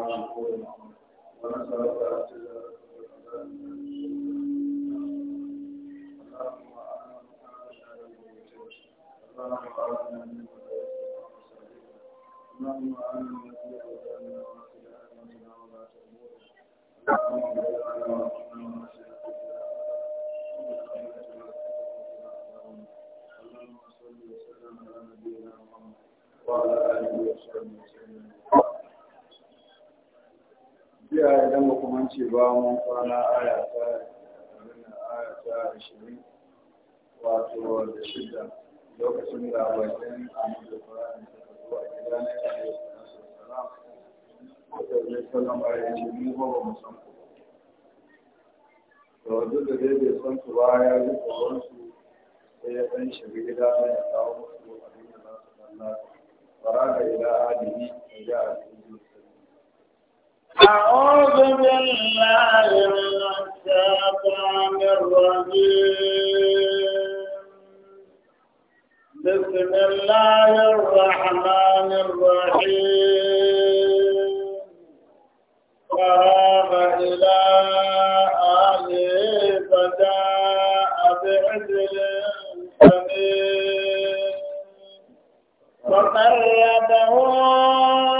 وعن قولنا ونسألك أن تجعل ce ba mun kwana aya ta aya ta ashirin wato da shida lokacin da bakin annabi Ibrahim suka zo a gidan Annabi sallallahu alaihi wasallam ya ce mu ba mu san ku to duk da dai bai san ku ba ya yi tsoron sai ya dan shiga gida na ya kawo musu abin da za su kalla fara da ila adihi ya ji أعوذ بالله من الشيطان الرجيم بسم الله الرحمن الرحيم فراغ إلى آله فجاء بعجل سمين وقربه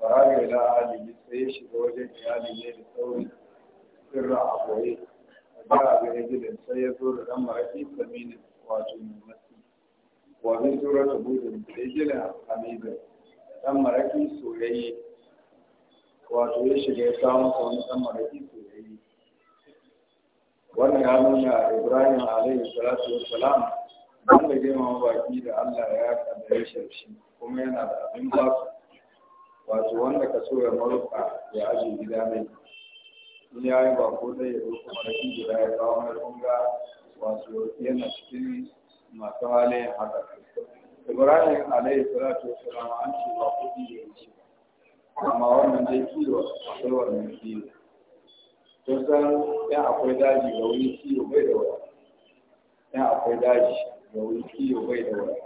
faraga ila alihi sai ya shiga wajen iyali ne da sauri sirra a boye da abu ya gidan sai ya zo da ɗan maraƙi saminin wato masu wani tura ta budin da ya gina hamida ɗan maraƙi soyayye wato ya shiga ya samu wani ɗan maraƙi soyayye wannan ya nuna ibrahim alaihi salatu wassalam wanda girmama baki da allah ya kaddare shi kuma yana da abin su. wato wanda ka so ya maruka ya aji gida ne in ya yi ba ko zai ya roƙo marakin gida ya kawo mai kunga wato yana cikin masu halin haka ibrahim alayhi salatu salam an ce ba kuɗi ya wuce amma wannan dai kiwo akwai wannan kiwo kun san ya akwai daji ga wani kiwo bai da wani ya akwai daji ga wani kiwo bai da wani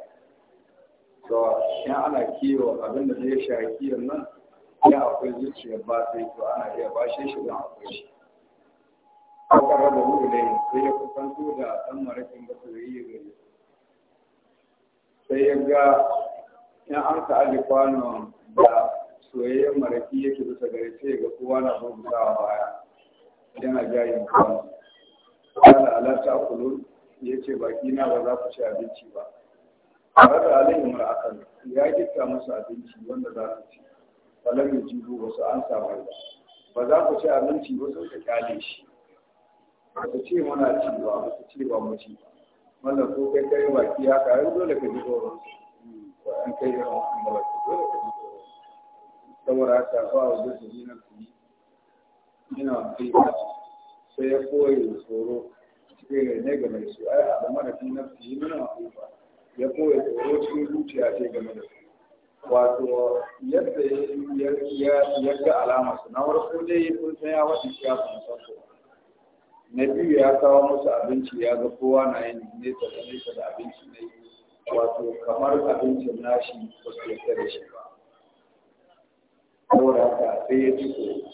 to in ana kiwo abin da zai sha kiyon nan ya akwai zuciya ba sai to ana iya bashe shi don akwai shi ko karar da hudu ne sai ya kusanto da ɗan marakin da su yi gari sai ya ga in an ka aji kwanon da soyayyen maraki yake bisa gari sai ga kowa na rubutawa baya yana jayin kwanon. Kala alata kulun ya ce baki na ba za ku ci abinci ba. tare da alayhi akan ya gita musu abinci wanda za su ci falar ya jibo wasu an samu ba Ba za ku ci abinci ba sun ka kyale shi ba su ce muna ci ba ba su ce ba mu ci ba. wanda ko kai kai baki ya ka yau dole ka ji tsoron ko an kai ya mutum ba dole ka ji tsoron saboda haka ba wa zai su na kuɗi ina kai sai ya koyi tsoro cikin ne ga mai su ai a da mara fi na fi mana ba ya koya tsoro cikin zuciya ce game da su wato yadda ya ga alama su na farko dai kun san ya waɗin shi ya san su na biyu ya kawo musu abinci ya ga kowa na yin nesa da nesa da abinci yi wato kamar abincin nashi ba su yarda da shi ba saboda haka sai ya ciko.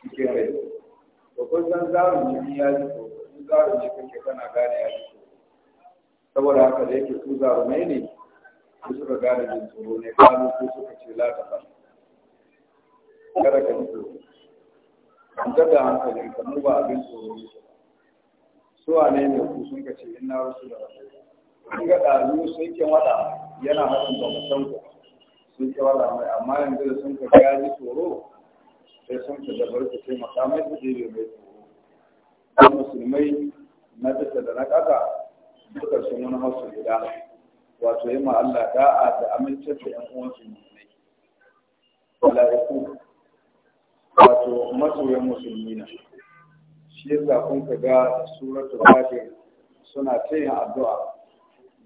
cikin rai ba kun san zarin jini ya ji tsoro in zarin jiki kake kana gane ya ji saboda haka da yake su zarumai ne su suka gane jin tsoro ne kanu su suka ce latafa kada ka ji tsoro an da hankali ka nuba abin tsoro ne su wane ne ku sun ka ce ina wasu da wasu sun ga ɗazu sun ke wada yana haɗin ba mu san ku sun ke wada mai amma yanzu da sun ka gaji tsoro sai sun ka dabar su taimaka makamai su ɗebe mai tsoro musulmai na bisa da na ƙasa duka sun wani hausa guda wato yi Allah da'a da amince da ‘yan uwansu musulmi Mala'iku wato masoyan musulmi na. Shi sa kun ka ga suratul Fatiha suna ta yin addu'a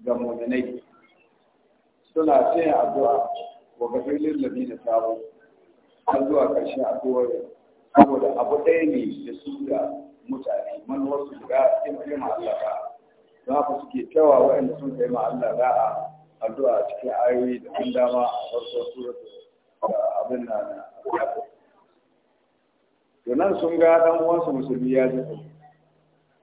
ga mu'minai. Suna ta yin addu'a wa gafirin ladina sabo har zuwa ƙarshen addu'ar saboda abu ɗaya ne da su da mutane manuwarsu guda ya ma Allah ba Za ku suke kyawa waɗanda sun kai ma Allah da'a addu'a cikin ayoyi da ɗan dama a farkon suratu da abin na na to nan sun ga ɗan uwansu musulmi ya ji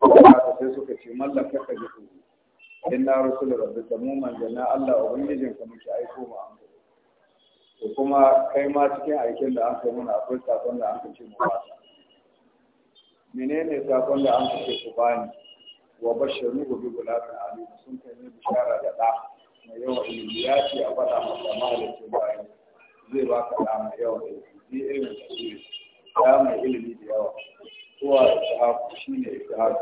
tsoro haka sai suka ce mallaka ka ji tsoro in na rasul rabbika mu manzana Allah ubangijin ka muke aiko ma an to kuma kai ma cikin aikin da aka yi mana akwai sakon da aka ce mu ba menene sakon da aka ce ku bani wa basharu wa bi gulamin ali sun kai ne bishara da da mai yawa ilimi ya ce a faɗa masa malikin bayan zai baka da mai yawa ilimi zai irin tasiri ya mai ilimi da yawa kowa da shahaku shi ne ishihadu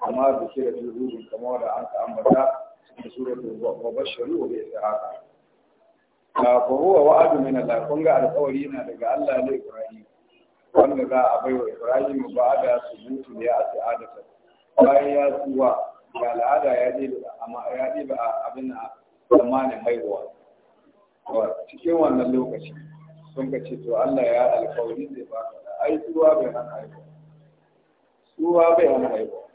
amma da ke da jirgin kamar da an ka ambata cikin suratul wa basharu wa bi ishihadu fahuwa wa'adu min Allah kun ga alƙawari yana daga Allah ne Ibrahim wanda za a baiwa Ibrahim ba da subutu ya ati adata bayan ya tsuwa ga al'ada ya ɗebe ba abin a zamanin haihuwa cikin wannan lokaci sun ka ce to Allah ya alkawari zai ba ka da ai tsuwa bai hana haihuwa tsuwa bai hana haihuwa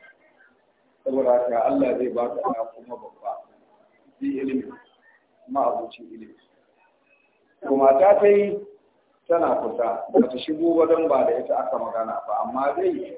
saboda haka Allah zai ba ka da kuma babba zai ilimi kuma abuci ilimi kuma ta ta yi tana kusa ba ta shigo wajen ba da ita aka magana ba amma zai yi.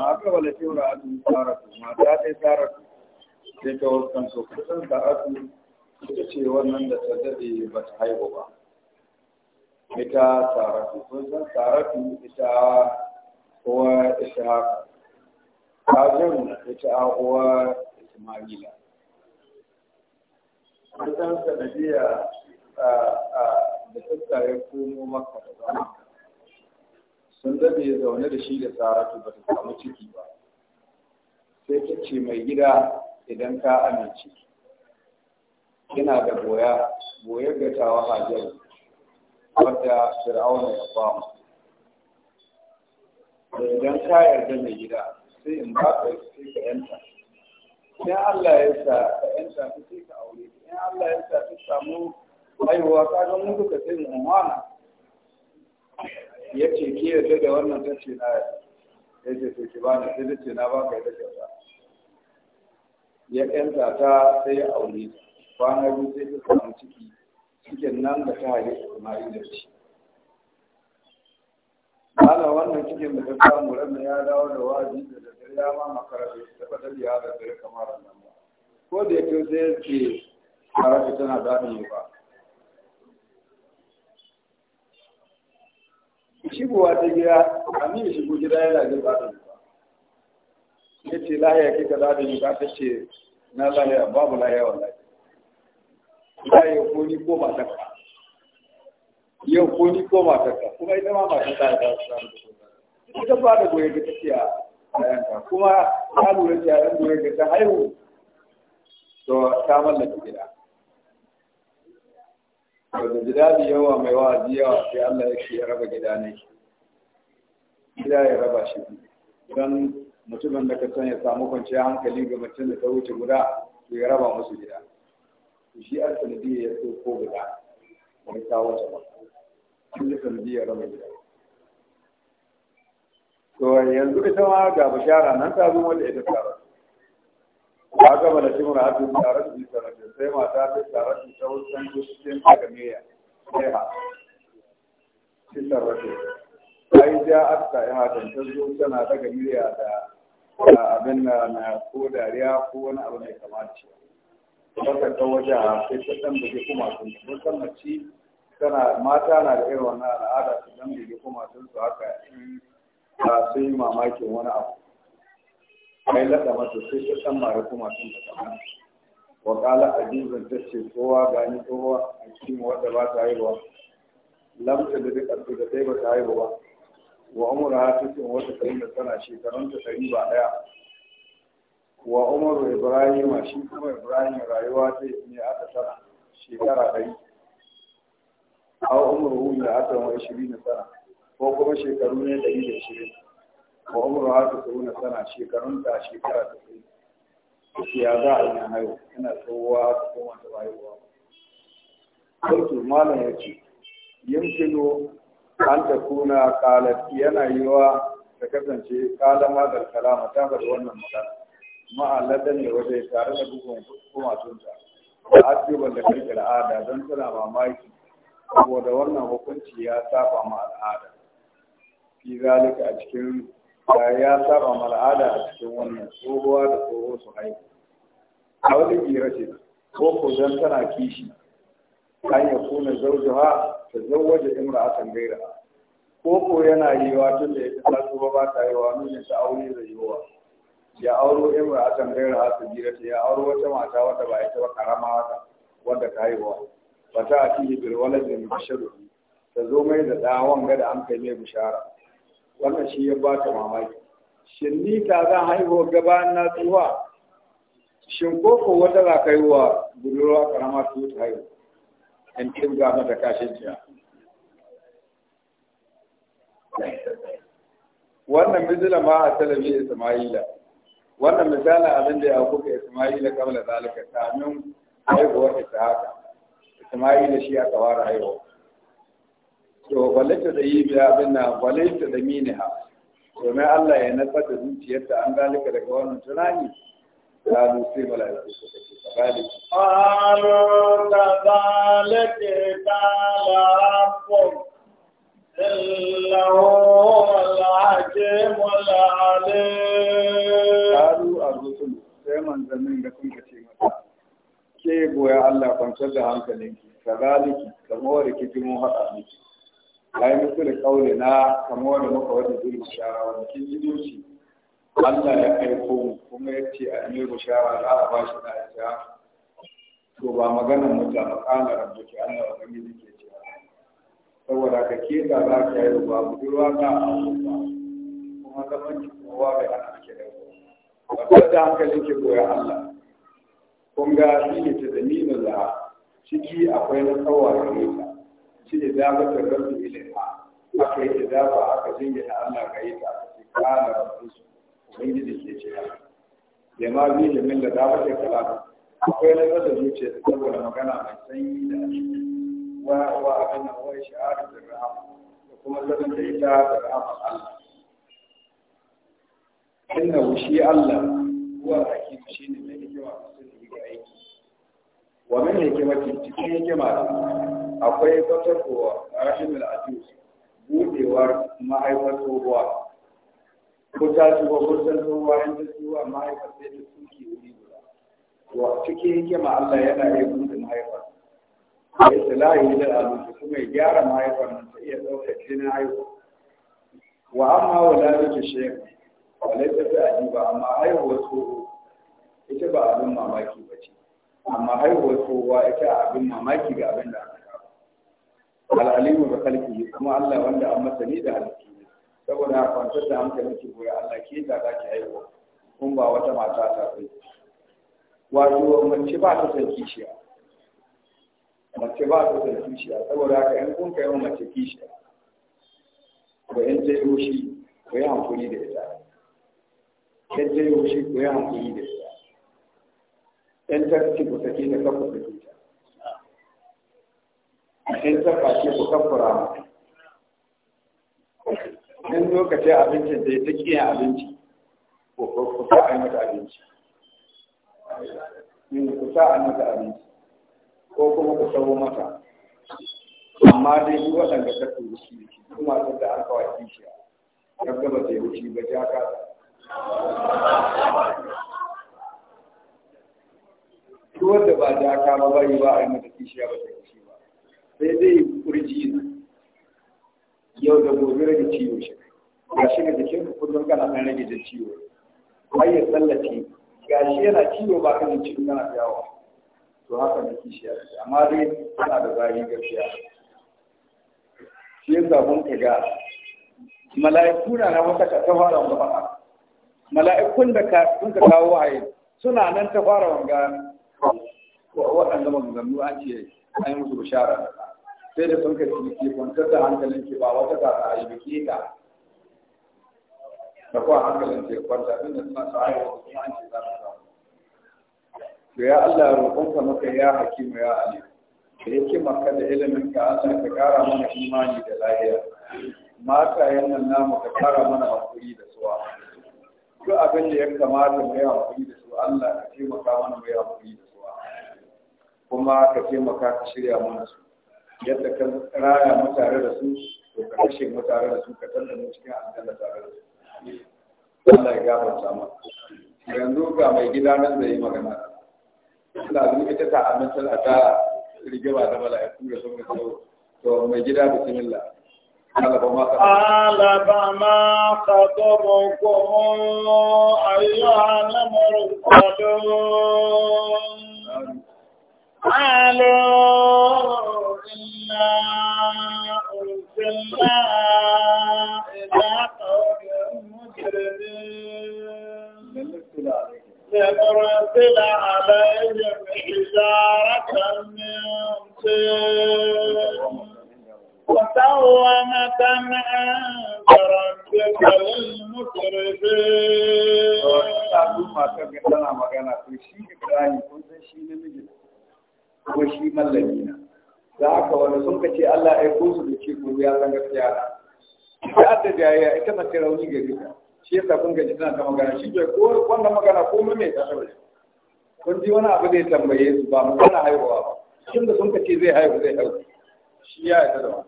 ma aka wala tura a tun saratu mata ta saratu sai ta wasan so kusan saratu ita ce wannan da ta daɗe ba ta haihu ba ita saratu kusan saratu ita uwa ishaq kazin ita uwa ismaila kusan sanadiyya da ta ya komo maka da zama sun ya zaune da shi da saratu ba ta samu ciki ba sai ta ce mai gida idan ka amince yana da goya goyar ga tawa hajjar wadda fir'auna ya ba mu da idan ka yarda mai gida sai in ba ka sai ka yanta in Allah ya sa ka yanta ka sai ka aure in Allah ya sa ka samu haihuwa ka ga mun duka sai mu amana ya ce ki yadda da wannan ta na ya ce to ki ba ni sai ta na ba ka yadda kyauta ya yanta ta sai ya aure kwana biyu sai ta samu ciki cikin nan da ta yi Ismail da shi ana wannan cikin da ta samu ran ya dawo da wazi da daddare ya ma makara ta taba tabiya da dare kamar nan ba ko da yake sai ya ce tana daɗin ba shigowa ta gida a ya shigo gida yana jin ba ta ya ce lahiya ke ka zaɗa ni ba ta ce na lahiya babu lahiya wallahi lahiya ko ni ko matarka yau ko ko kuma ita ma mata ta ta ta ta ba da goye ga ta ayanta kuma ta lura ta yaran goye ga ta haihu to ta mallaka gida wanda ji daɗi yawa mai wa'azi yawa sai Allah ya ce ya raba gida ne gida ya raba shi don mutumin da ka son ya samu kwanciyar hankali ga mutum da ta wuce guda to ya raba musu gida shi an sanadiyya ya so ko guda wani kawo ta shi an yi sanadiyya raba gida to yanzu ita ma ga bishara nan ta zo wanda ita ta ba ga bala shi mura hadu tare da tare da sai mata ta tare da ta wucin cikin daga meya sai ha shi tare da ai ja akka ya hadan ta zo tana daga meya da abin na na ko dariya ko wani abu mai kamaci baka ta waje a sai ta dan bige kuma sun mun san tana mata na da irin wannan al'ada su dan bige kuma sun su haka in ba sun yi mamakin wani abu mai laɗa mata sai ta san mara kuma sun da kama wa ƙala ajizan ta ce kowa gani kowa a cikin wadda ba ta haihuwa lamta da duk ƙarfi da ɗaya ba ta haihuwa wa umar ha ta ce wata ɗari da tana shekarun ta tari ba ɗaya wa umaru Ibrahim shi kuma ibrahim rayuwa ta ne aka tara shekara ɗari a umaru hu ne aka wa shiri da tara. ko kuma shekaru ne dari da shirin wa umru ha tasawun sana shekarun ta shekara ta sai kace ya za a ina haihu yana tsowa ta koma ta bayuwa kuntu malam yace yumkinu an ta kuna qalat yana yiwa ta kasance kalama da kalama ta faɗi wannan magana ma'alada ne waje tare da bugun kuma tunta da asibar da kai al'ada don tana mamaki saboda wannan hukunci ya saba ma al'ada fi zalika a cikin ya saba ada a cikin wannan tsohuwa da tsoho su haihu a wani jira ce ko ko zan tana kishi an ya kuna zaujuha ta zauwaje akan gaira ko ko yana wa tun da fi tasu ba ta wa nuna ta aure da yiwuwa. ya auro akan gaira hasu gira ce ya auro wata mata wadda ba ita ba karama wata wadda ta wa ba ta atihi bil walad min bashar ta zo mai da ɗawon gada an kai mai bishara wannan shi ya ba ta mamaki shin ni ta zan haihu gaba na tsuwa shin ko ko wata za ka yi wa budurwa karama su ta haihu in kirga mata kashin jiya wannan bizila ma a talabi isma'ila wannan misalin abin da ya kuka isma'ila kamar da zalika kamin haihuwar ita haka isma'ila shi aka fara haihuwa to balita da yi biya abin na da miniha domin Allah ya nasar da zuciyarta an galika daga wannan tunani قالوا سيما لا كذلك قالوا ke goya Allah kwanciyar da hankalinki, ka zaliki, ka mawar rikicin mu haɗa miki. ai musu da kaule na kamar da muka wata zuri bishara wanda kin ji doci Allah ya aiko mu kuma ya ce a yi bishara za a bashi da aisha to ba magana mu ta makana rabbuki Allah wa gani ne ke cewa saboda ka ke da za ka yi ba budurwa ka a ba kuma zaman ki kowa bai ana ake da ku ba ta da hankali ke goya Allah kun ga shi ne ta da za ciki akwai na tsawa da shi ne da ba ta rabu ilima aka yi da ba aka jingina Allah ga yi ta ce kana rabu su ubangiji ke ce ya ya ma bi da min da da ba ta kala akwai na da saboda magana mai sanyi da wa wa kan nan shi a da rahama da kuma zaman da ita da rahama Allah inna wushi Allah huwa hakim shine mai hikima a sirri ga yi wa min hikimati cikin hikima akwai fatarwa rashimul ajus budewar mahaifar tsohuwa ko ta tuba bursan tsohuwa in ta tuba mahaifar sai ta tuki wuri guda to cikin hikima Allah yana yi bude mahaifar ya salahi da alusu kuma ya gyara mahaifar nan ta iya ɗaukar jinin haihuwa wa amma walalatu shekh walaita ta ajiba amma haihuwar tsoho ita ba abin mamaki amma haihuwar kowa ita abin mamaki ga abin da aka kawo al'alimu da kalki kuma Allah wanda an masani da halittu ne saboda a kwantar da hankali ki goya Allah ke da za ki haihuwa kun ba wata mata ta kai wato mace ba ta san kishiya mace ba ta san kishiya saboda haka in kun kai mace kishiya ko in ta yoshi, ko yi hankuli da ita in ta yoshi, ko yi hankuli da ita in ta ce ku sake da kan ku sake ta in ta fashe ku kan fura in lokacin abinci da ya ta kiyan abinci ku sa an mata abinci ku sa an mata abinci ko kuma ku sabo mata amma dai duk waɗanda ta turu shi kuma sun da aka wa kishiya gaba ta yi wuce ba ja ka wanda ba da aka ba bayi ba a yi mata kishiya ba ta kishi ba sai dai kurji na yau da gobe rage ciwo shi ga shi ga jikin ka kullum kana ɗan rage da ciwo ai ya tsallace ga shi yana ciwo ba kan ciwo kana yawa to haka ne kishiya amma dai kana da zari gaskiya shi yasa mun ka ga mala'iku na na wata ta fara wanda mala'ikun da ka sun ka kawo wahayi suna nan ta fara wanga waɗanda maganganu an ce an yi musu bishara sai da sun kaci ke kwantar da hankalin ke ba wata kasa a yi biki ta da kuwa hankalin ke kwanta tun da suna sa'ayi wa kuma an ce za su samu to ya Allah roƙonka maka ya hakimu ya alim da yake maka da ilimin ka Allah ka ƙara mana imani da lahiya mata yannan namu ka kara mana hakuri da suwa duk abin da ya kamata mu yi hakuri da su Allah ka taimaka mana mai yi hakuri da su kuma ka taimaka ka shirya mana su yadda ka raya mu tare da su to ka kashe mu tare da su ka tantance cikin aljanna tare da su Allah ya gafarta mu yanzu ga mai gida nan zai yi magana Allah zai ita ta amintar a ta rigima da mala'iku da sun gaso to mai gida bismillah قال فما خطبكم أيها المرسلون Ma ta gina na magana, to shi ibrahim kun san shi ne mijin. kuma shi mallaki na da haka wani sun ka ce Allah ya ko su da ce ko ya san gaskiya da adda jayayya ita mace rauni ga duka shi yasa kun ga tana ta magana shi ke ko wannan magana ko me ta saboda kun ji wani abu da ya tambaye su ba kana haihuwa ba shin da sun ka ce zai haihu zai haihu shi ya yarda da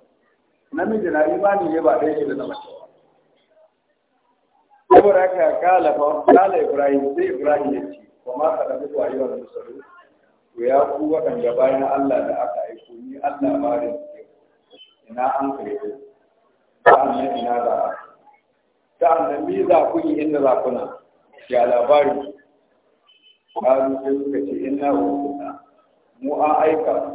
Na namiji na imani ne ba shi da na mace saboda haka kala kala Ibrahim sai Ibrahim ya ce kuma ma ka da mutuwa yau da musulmi to ya ku waɗanda bayan Allah da aka aiko ni Allah ba da ina an kare ku sa'annan ina za a sa'annan me za ku yi inda za ku na ya ba mu sai suka ce inna wurkuna mu an aika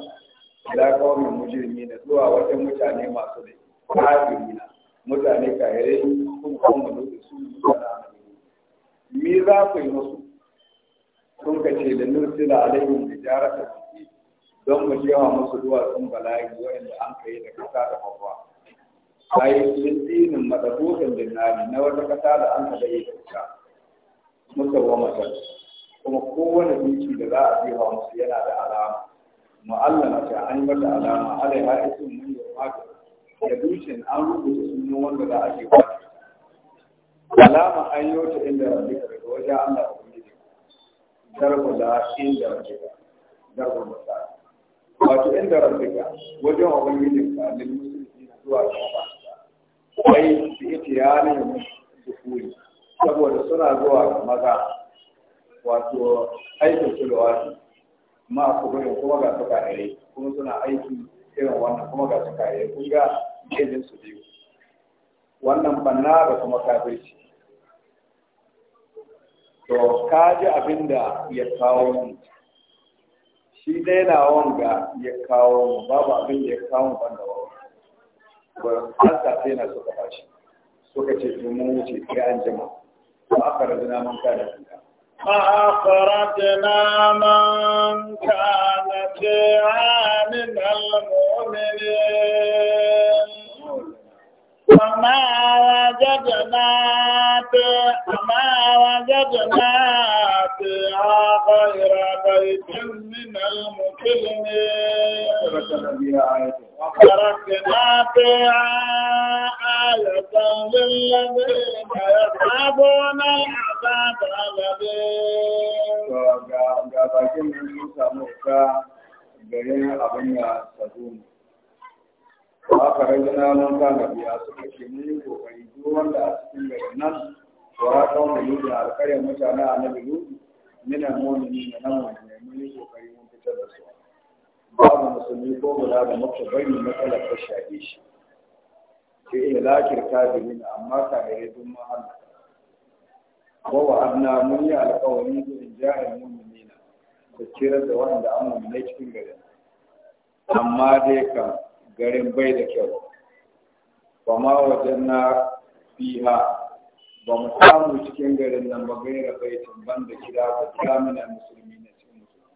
ila kawai mujirmi da zuwa wajen mutane masu da na mutane kahirai kuma kuma da su mi me za ku yi musu sun ka ce da nursila alaihim jiki don mu jewa musu duwatsun bala'i wa'anda an kai da kasa da hawa yi lissinin madabutan dinari na wata kasa da an da yi kusa musa wa matar kuma kowane duki da za a jewa musu yana da alama mu'allama ta an yi mata alama alaiha isin mun yi mata da dukin an rubuta sunan wanda za a jewa alama an yi wata inda rabbi daga wajen Allah da darbula inda rabbika darbul masal wato inda rabbika wajen ubangijinka lil muslimina zuwa ga ba ai su itiyani dukuri saboda suna zuwa ga maza wato aikin sulwati ma kuma kuma ga suka dare kuma suna aiki irin wannan kuma ga suka dare kun ga jejin su biyu wannan banna da kuma kafirci to kaji abin da ya kawo mu shi dai na wanga ya kawo mu babu abin da ya kawo mu banda wanga ba alta sai na suka bashi suka ce to mun wuce sai an jima ba aka razana man kana kuka فأخرجنا من na ce jáde láàpẹ́ àmàwà jáde láàpẹ́ àwọn ìràbà ìjẹ́ nínú mọ̀kílẹ̀ ní ọ̀pọ̀lọpọ̀ láàpẹ́ àyàtàn lẹ́lẹ́lẹ́ àyàtàbọ̀ náà àtàbà lẹ́lẹ́ ọ̀gá ọ̀gá bàjẹ́ mẹ́rin mọ́ta ba ka rajina mun kana biya suka ke mun yi kokari duk wanda a cikin gari nan to ya kawo da yuda alƙaryar mutane a nabi lutu mina mu'mini na nan wani mun yi kokari mun fitar da su babu musulmi ko guda da muka bari matsalar ta shafe shi ke iya lakir kafirin amma ta kafirai sun mahanna wa wa'adna mun yi alƙawari da injahil mu'minina da kirar da wanda an mu'minai cikin gari. amma dai kan garin bai da kyau ba ma wajen na fiha ba mu samu cikin garin nan ba bai da baitin ban da gida ba gida musulmi na cikin musulmi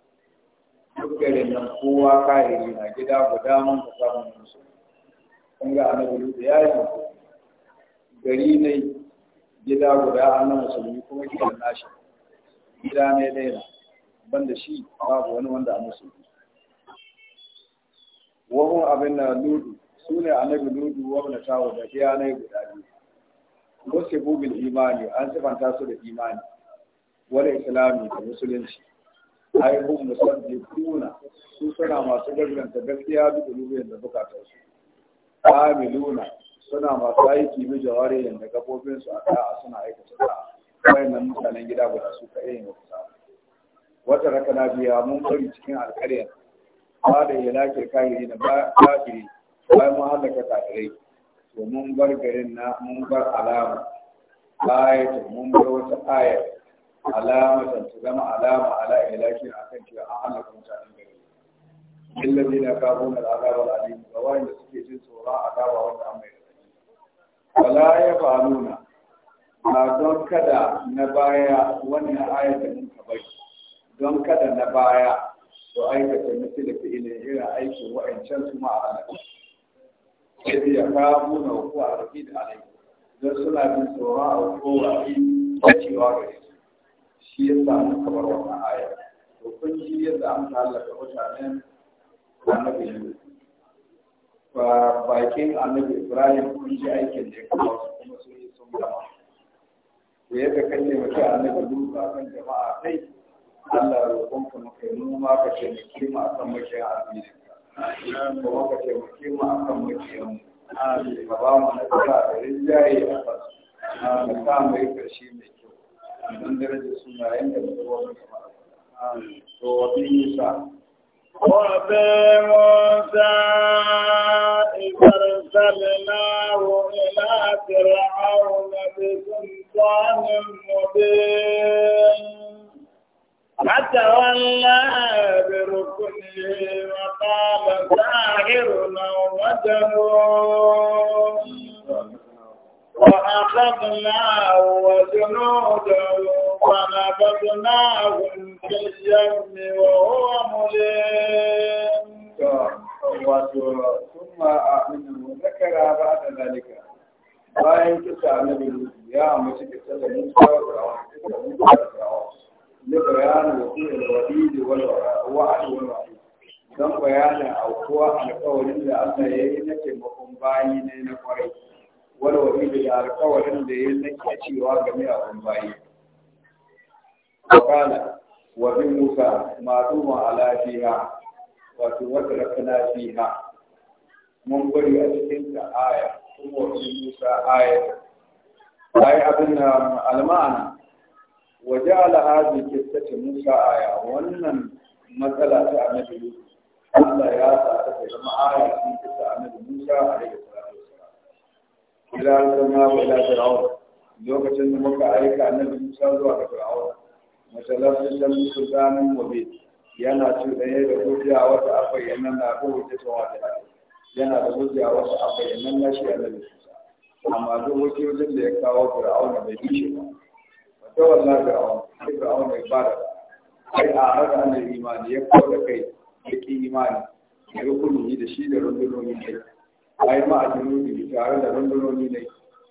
duk garin nan kowa kayayyaki na gida guda mun ka samun musulmi kun ga annabi da yi musulmi gari ne gida guda ana musulmi kuma gidan nashi gida ne ɗaya ban da shi babu wani wanda a musulmi wahun abin na ludu su ne nabi ludu wani na tawo da shi yi guda biyu wasu bugin imani an sifanta su da imani wani islami da musulunci ai hum musaddiquna su suna masu gaskanta gaskiya duk rubutun da bukatarsu su amiluna suna masu aiki jawari jawariyan da gabobinsu a a suna aikata ta nan mutanen gida guda su kai ne wata wata rakana biya mun kari cikin alkariyar ba da yalakir kafiri ba kafiri bayan mun halaka kafirai to mun bar garin na mun bar alama ta mun bar wata aya alama ta zama alama ala a akan cewa an halaka mutanen gari illazi na kafo na azaba alim ga wanda suke jin tsoron azaba wanda an mai wala ya nuna. Na don kada na baya wannan ayatu mun ka bai don kada na baya su aikata misali fi'ilin irin aikin wa'ancan su ma'ana sai ya kawo na hukuma a rafi da alai don suna bin tsoron a kowa yi da cewa gare shi ya sa na kamar wannan aya to kun ji yadda an halaka mutanen annabi yau ba bakin annabi ibrahim kun ji aikin da ya kawo su kuma sun yi sun gama to yadda kan taimaki annabi lutu kan jama'a kai Allah roƙonka muka yi noma ka taimake mu akan mashiyan addinin mu akan mu ka ba mu da rinjaye a ka sa mu yi ƙarshe mai kyau don darajar sunayen da muka wani gaba to wa bi فتولى بركنه وقال ساحر او وأخذناه وجنوده فنبذناهم في اليم وهو مليم ثم أعلنه وذكر بعد ذلك bayan kisa يا biyu ya mace kisa da mutuwa لبيان وقوع الوعيد والوعد والوعيد don bayanin aukuwa alkawarin da Allah ya yi na taimakon ne na kwarai walwali da alkawarin da ya yi na cewa game a kun bayi wakala wa bin musa ma'aduma ala wata rakana mun bari a cikin ai abin na waje alhaji kistati musa aya wannan matsala ta annabi yusuf Allah ya sa ta ta zama aya cikin kisa annabi musa alaihi salatu wasalam ila alkama wa ila fir'aun lokacin da muka aika annabi musa zuwa ga fir'aun matalafisan sultanin wabe yana cuɗanye da hujja wata a bayyana na ko hujjata wata yana da hujja wata a bayyana na shi annabi musa amma duk wajen da ya kawo fir'aun bai bishe ba tawalla fir'aun sai fir'aun ba fara ai a arada an imani ya kawo da kai ya ki imani ya rukuni da shi da rundunoni ne ai ma a junudi tare da rundunoni ne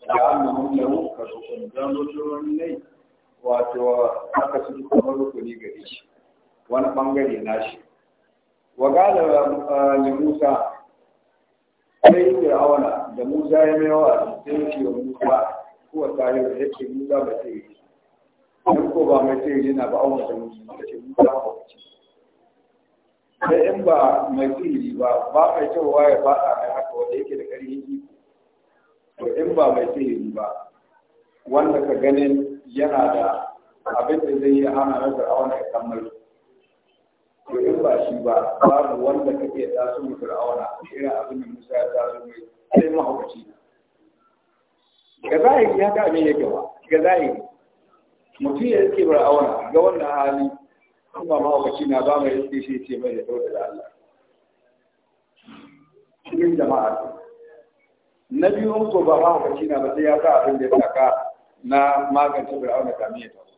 da annahum lahu kasukun dan rundunoni ne wato aka su kamar rukuni ga shi wani bangare na shi wa gala li Musa sai fir'auna da Musa ya mai wa sai yi ce wa Musa kuwa tare da yake Musa ba sai in ko ba mai tsaye yana ba awon da mutum da ce mu ba ba ci da in ba mai sihiri ba ba mai cewa ya faɗa mai haka wanda yake da ƙarfin iko to in ba mai sihiri ba wanda ka ganin yana da abin da zai yi hana nazar awon ya kammala to in ba shi ba babu wanda ka iya taso mu fir'auna irin abin da Musa ya taso mai sai mahaukaci ga zahiri ya ga abin yake ba ga zahiri mutum ya rike fir'auna ga wannan hali kuma mahaukaci na ba mai rike shi ce mai da dauda da Allah cikin jama'a na biyu ko ba mahaukaci na ba sai ya sa abin da ya saka na magance na sami ya taso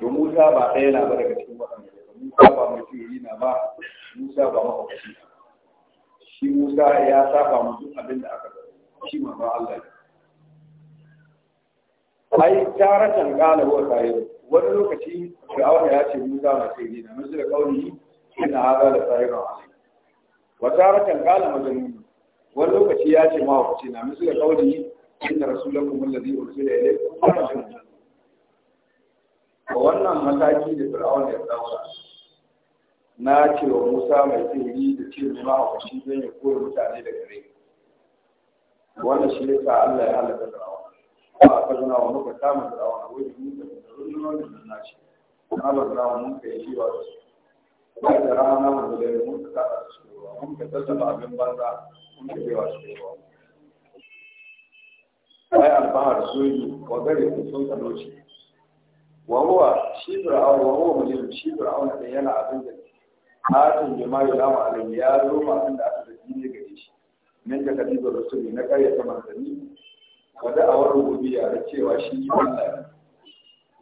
to Musa ba ɗaya na ba daga cikin waɗanda Musa ba mai sihiri na ba Musa ba mahaukaci shi Musa ya saba mutum abin da aka shi ma ba Allah ne ai taratan qala huwa sahib wani lokaci fir'auna ya ce musa na sai na musu da kauli inna haɗa da sahibun alim wa taratan qala majnun wani lokaci ya ce mahaukaci na musu da kauli inna rasulakum alladhi ursila ilaykum majnun wannan mataki da fir'auna ya dauka na ce wa musa mai sihiri da ce mai mahaukaci zai ya kore mutane da gare wannan shi yasa Allah ya halaka fir'auna ba ka zana wa muka kama da rawa a wajen da rundunar da na ce na ba za mu muka yi shiwa da rana mu da yi muka ta da su ruwa mun ka tsalta abin banza mun ka yiwa su ruwa ai alfahar soji ko gare ku sun ka doce wa huwa shibra aw wa da yana abin da hatin jama'i da ma'alim ya zo ma inda aka da dinne shi nan da kadi na ƙarya ta manzanni wani rubutu ya da cewa shi yi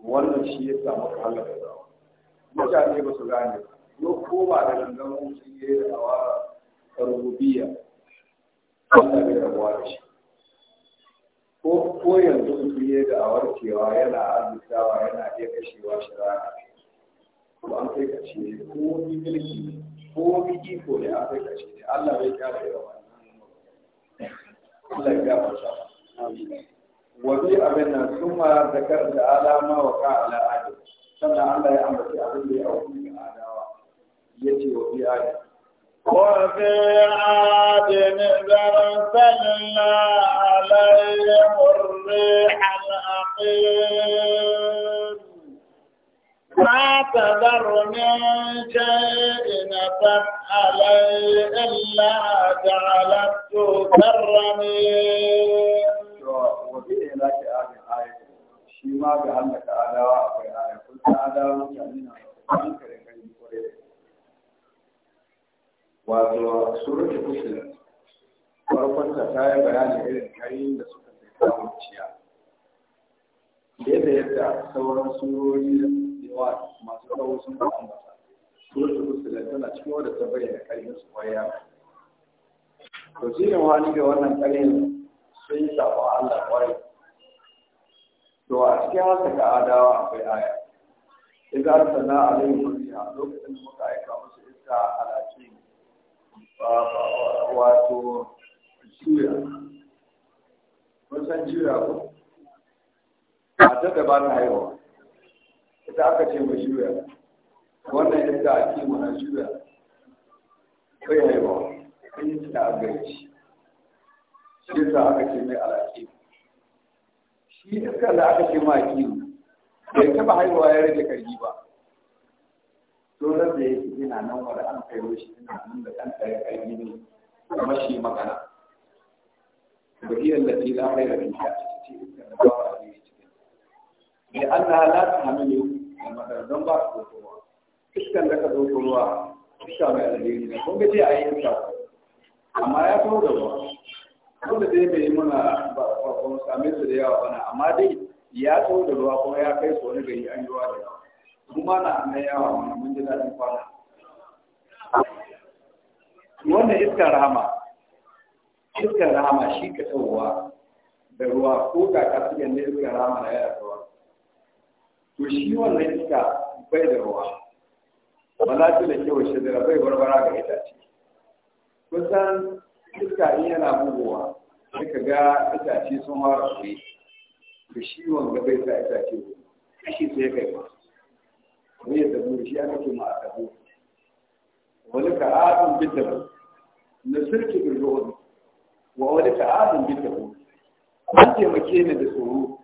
wannan shi ya samu halaka da mutane ba su gane ba Ko koma da gangan mutum ya yi da'awa rububiyya Allah bai rabuwa da shi ko ko yanzu mutum ya yi da'awar cewa yana arzikawa yana iya kashewa shi rana ko an kai kace ko ni mulki ko ni iko ne an kai kace Allah bai kyara yawa Allah ya gafarta wafi abin nan sun ma zakar da alama wa ka ala adam sannan Allah ya ambaci abin da ya auku ga adawa ya ce wafi adam وفي عاد إذ أرسلنا عليهم الريح العقيم ما تذر من شيء نبت عليه إلا جعلته كالرميم shi ma ga hallaka adawa akwai aya kun san adawa mutane na kan kare kan kore wato suratul fusilat farkon ta ta yi bayani irin kayan da suka kai kawo ciya yadda yadda sauran surori da yawa masu kawo sun ba an basa suratul fusilat tana cikin wadda ta bayyana kayan su kwaya to shi ne wani da wannan kayan sun yi sabon Allah kwarai to a cikin haka ga adawa akwai aya idan sana alaihi murji'a lokacin da muka aika musu iska alaci wato juya kun san juya ko A da ba na haihuwa ita aka ce mai juya wannan iska a ke na juya kai haihuwa kun yi ta a gaji shi yasa aka ce mai alaci shi iska da aka ce ma kiwo bai taba haihuwa ya rage karbi ba tsoron da yake yana nan wanda an kai shi yana nan da kan tsaye karbi ne kamar shi magana bahiyar da ke da mai rabin ta ce iska da ba a cikin da Allah la ta hamilu da madardan ba su dokowa iskan da ka zo ruwa iska mai alheri ne kun ga ce a yi iska amma ya kawo da ruwa wanda dai bai muna ba mu same su da yawa bana amma dai ya tso da ruwa kuma ya kai su wani gari an yi ruwa da yawa kuma na na yawa mana mun ji daɗin kwana wannan iskar rahama iskar rahama shi ka tsawowa da ruwa ko ka kasu yanzu iskar rahama na yaya ruwa to shi wannan iska bai da ruwa ba za ta da kyau shi da bai barbara ga itace kusan iska in yana bugowa sai ka ga itace sun fara kuri da shi wanga bai sa itace kashi sai kai ba Wani ya tabu shi aka ce ma a tabu wani ka azun bin ba, na sirki bin ruhun wa wani ka azun bin tabu an taimake ni da tsoro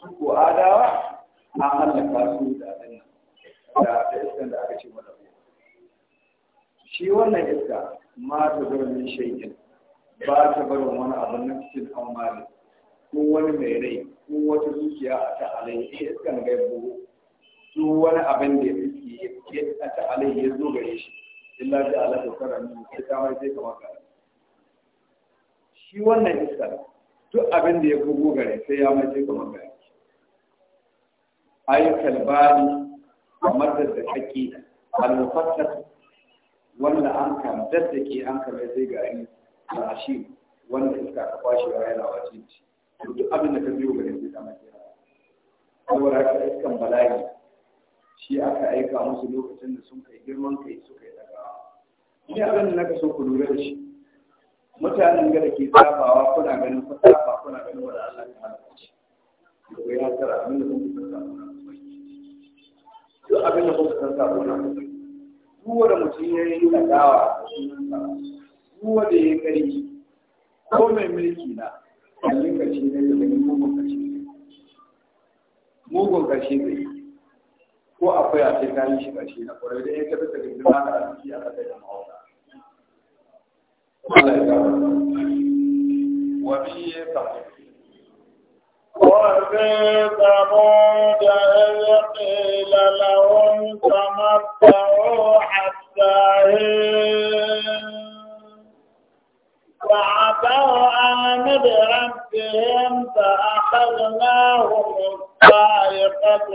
su ko adawa an hallaka su da ɗaya. da iskan da aka ce mana shi wannan iska ma ta zama min shaikin ba ta barin wani abu na cikin amali ko wani mai rai ko wata zuciya a ta alai ya iskan gai buru su wani abin da ya fi a ta alai ya zo gare shi illa da ala da karami sai ta mai sai kama ka shi wannan iskar duk abin da ya bugu gare sai ya mai sai kamar ka ayi bani a da da kake al wanda wannan an kan ke an kan zai ga al'ashi wanda iska ka kwashe wa yana wace ci duk abin da ka biyo ga yanzu kama ke saboda haka iskan bala'i shi aka aika musu lokacin da sun kai girman kai suka yi daga ni abin da naka so ku lura da shi mutanen gada ke tsafawa kuna ganin ku tsafa kuna ganin wani Allah ya halaka shi ko ya tsara abin da kun tsara duk abin da kun tsara kuna duk wanda mutum ya yi nadawa a cikin sa ko da ya ƙarfi ko mai mulki na kallon kashi ne da ganin mugun kashi ne mugun kashi ne ko akwai a sai kayan shi kashi na kwarai da ya tafi da gindin haka a ciki a kasai da ya wa ya samu وفي ثمود إذ قيل لهم تمتعوا حتى وعفوا عن ربهم فأخذناهم الصاعقة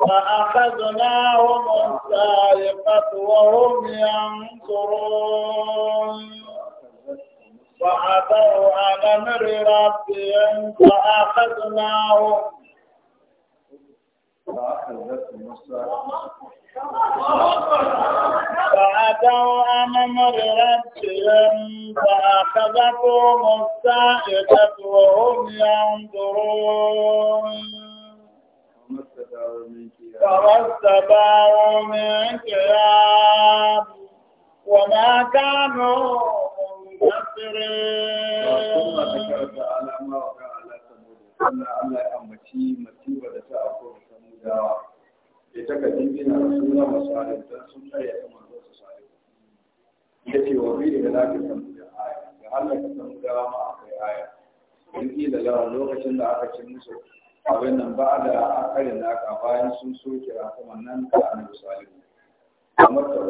وأخذناهم الصاعقة وهم ينصرون وعفوا عن أمر ربهم فأخذناهم فأخذتهم الصاعقة فأتوا أمر ربهم فأخذتهم الصاعقة وهم ينظرون فما استطاعوا من قيام وما كانوا منتصرين. ya taka dibina rasulullah sallallahu alaihi sun kare ya kuma zo su sallallahu ya ce wa fi da lafi kan da aya da Allah ka san gawa ma akai aya in kila yawa lokacin da aka ce musu abin nan ba da akarin naka bayan sun soke rakaman nan da annabi sallallahu kamar ta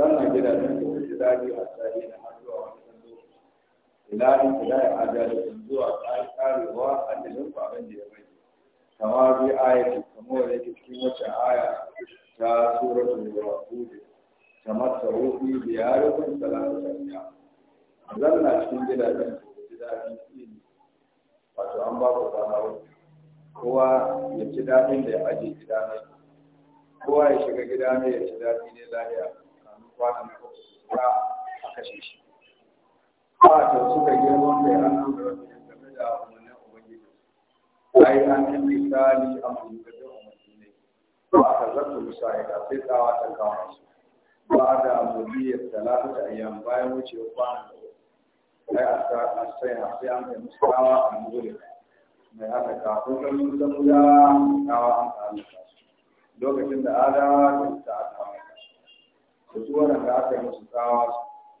zan na gida da ko da dadi a tsari na har zuwa wani lokaci ila in kila ya ajalu zuwa kai karewa a dalilin abin da ya kama bi ayati kamar da yake cikin wacce aya ta suratul yaqub kama sarufi bi ayatin salatu tanya zanna cikin gidajen gidajen ilimi wato an ba ku dama kowa ya ci daɗin da ya aje gida mai kowa ya shiga gida mai ya ci daɗi ne lahiya kamin kwanan da a kashe shi ba ta suka girman da ya an da game da ai an yi misali a mulkajen umarni ne ba a kazarta musayida sai tsawa ta kawo su ba da mulkiyar talata da ayyan bayan wucewa kwanan da ai a sai a sai an kai musu tsawa a mulkin mai haka kafin ganin samuda tsawa an ka halaka lokacin da adawa ta ta kawo su su wannan da aka yi musu tsawa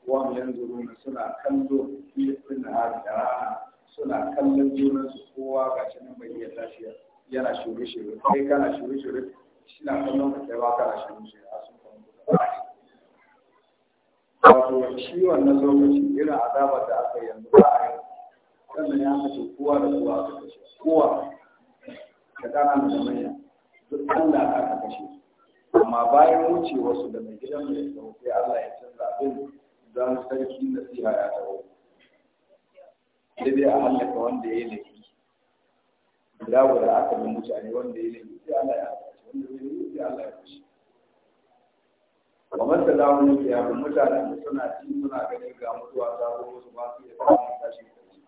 wani yanzu suna kallo fiye da rana suna kallon junan su kowa ga shi nan bai iya lafiya yana shirye shirye kai kana shirye shirye shi na kallon ka kai ba kana shirye shirye a sun kama wato shi wannan lokaci irin azabar da aka yanzu ba a yi sannan ya kace kowa da kowa aka kashe kowa ka kana da manya duk Allah ka kashe amma bayan wuce wasu da mai gidan mai sauƙi Allah ya canza abin don sarki nasiha ya tawo sai dai a hallaka wanda ya yi laifi guda guda aka bin mutane wanda ya yi laifi sai Allah ya hallaka wanda ya yi laifi sai Allah ya fushi kamar da za mu nufi ya mutane suna ci suna ganin ga mutuwa ta zo musu ba su iya samun tashi da shi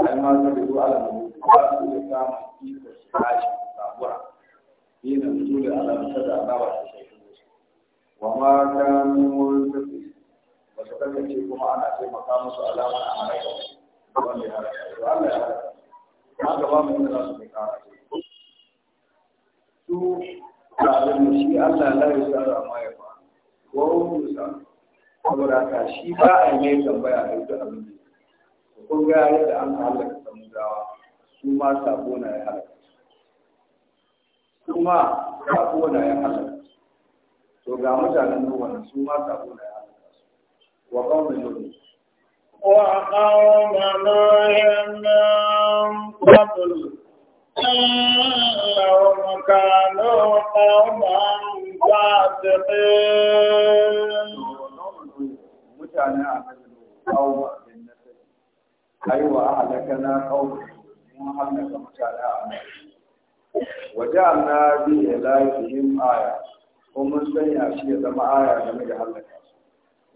ai ma su da zuwa alamu ba su iya samun iko su tashi sabuwa yi na su da alamu ta da azaba ta shi wa ma kanu mulki ba su kasance kuma ana taimaka musu alama a harkar haka ba mu shi ya ba saboda ka shi ba a mai tambaya abin da kun ga yadda an halaka samudawa su ma sabo na ya halaka su ma sabo na ya halaka to ga mutanen nan su ma sabo na ya halaka wa qaumin nuh وقوم نوح من قبل إنهم كانوا قوما فاسقين. أيوة أهلكنا قوم وأهلك مكانا وجعلنا بإلههم آية ومن سيئة شيء زم آية لم يهلك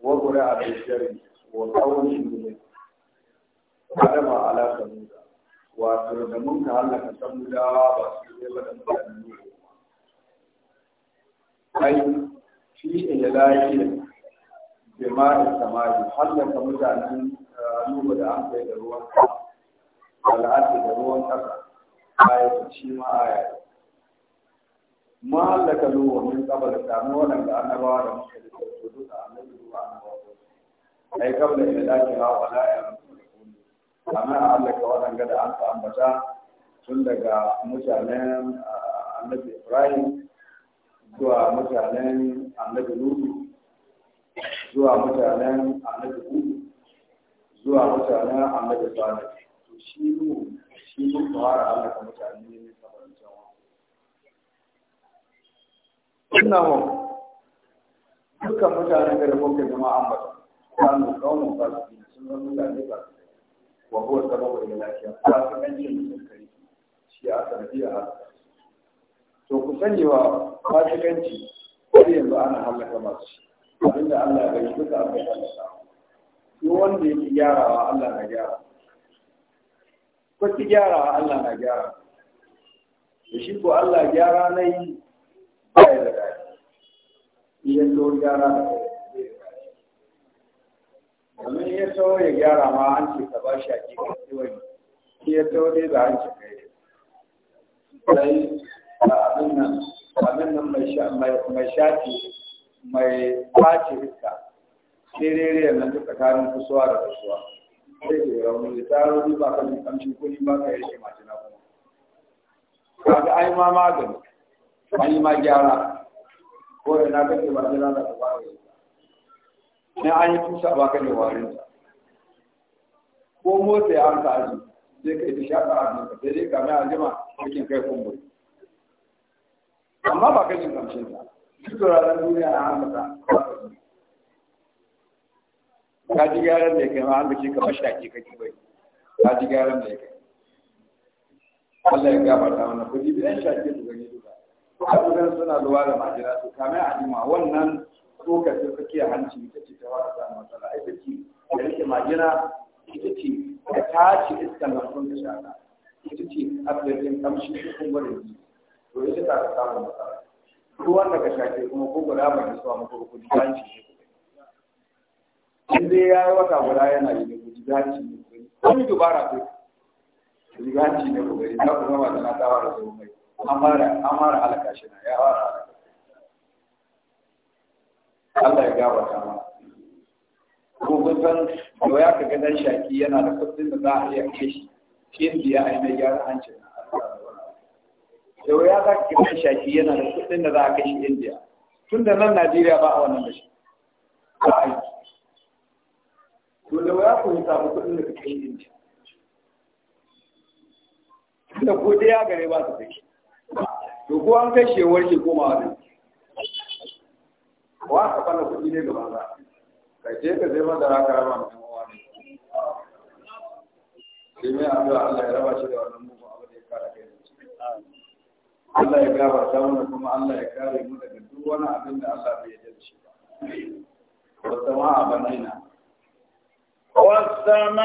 وقرأ بالجريمة وقوله منه قدم على ثمود wato da mun ka halaka samudawa ba su yi ba da mutane ne ai fi ilahi da ma'in samari halaka mutanen nuba da an kai da ruwan al'adu da ruwan kasa aya ta ci ma aya mu min annabawa da da ruwa ai kabla ila daki ha wala ya amma Allah ka wannan gada an ambata tun daga mutanen annabi Ibrahim zuwa mutanen annabi Lutu zuwa mutanen annabi Hud zuwa mutanen annabi Salih to shi mu shi mu fara Allah ka mutane ne saboda jawa innahu dukkan mutanen da muke zama ambata kanu kaunin fasiki sun zama mutane ba su wa huwa sababu da lafiya fasikancin sun kai shi a sanadiyar haka to ku sani wa fasikanci har yanzu ana halaka masu shi abin da Allah ya yi duka abin halaka duk wanda ya ki gyarawa Allah na gyara ko ki gyarawa Allah na gyara da shi ko Allah gyara na yi ba ya da daɗi Idan to gyara da kai domin ya taho ya gyara ma an ce ka ba shi ke kasi wani shi ya taho dai ba an ce kai sai abin nan abin nan mai shafi mai kwace iska sai rere nan duka tarin kusuwa da kusuwa sai ke rauni da taro ni ba ka kamshi ko ba ka yarke mace na kuma kaga ai ma magani an yi ma gyara ko ina kake ba jira da ba ka yi ne an yi tusa ba ka da warin sa. ko motsa ya an ka aji sai ka yi ta shaƙa a ka sai dai kamar an jima cikin kai kumburi amma ba ka jin kamshin ta duk turaren duniya na hamata ka ji gyaran da ya kai ma an bace kamar shaƙi kake bai ka ji gyaran da ya kai Allah ya gabata mana kuɗi biyan shaƙi su gani duka. Ko a suna zuwa da majina su kamar a jima wannan tsokar ta tsakiyar hanci ita ce ta wata samun matsala ita ce da rike majina ita ce ta tace iskan lambun da shaka ita ce asirin kamshi cikin gwarin ji to ita ta ta samun matsala ruwan daga shake kuma ko guda ba da suwa muku rukuni hanci ne in dai ya yi wata guda yana yi da guji hanci ne wani dubara ce guji hanci ne guji ta kuma ba da na tawa da sauran mai an mara halaka shi na ya fara halaka Allah ya ta ma ko san da ya ka dan shaki yana da kudin da za a iya kai shi indiya ai mai gyara hancin Da ya za ka dan shaki yana da kudin da za a kai shi indiya tun da nan najeriya ba a wannan da shi ba a yi da ya ku samu kudin da ka kai indiya da ko dai ya gare ba su kai to ko an kai shewar shi komawa ne. wa ka bana kuɗi ne gaban ka ka je ka zai madara ka raba mai mawa ne sai mai addu'a Allah ya raba shi da wannan mugun abu da ya kara kai Allah ya gafarta mana kuma Allah ya kare mu daga duk wani abin da Allah bai yarda shi ba a والسماء بنينا والسماء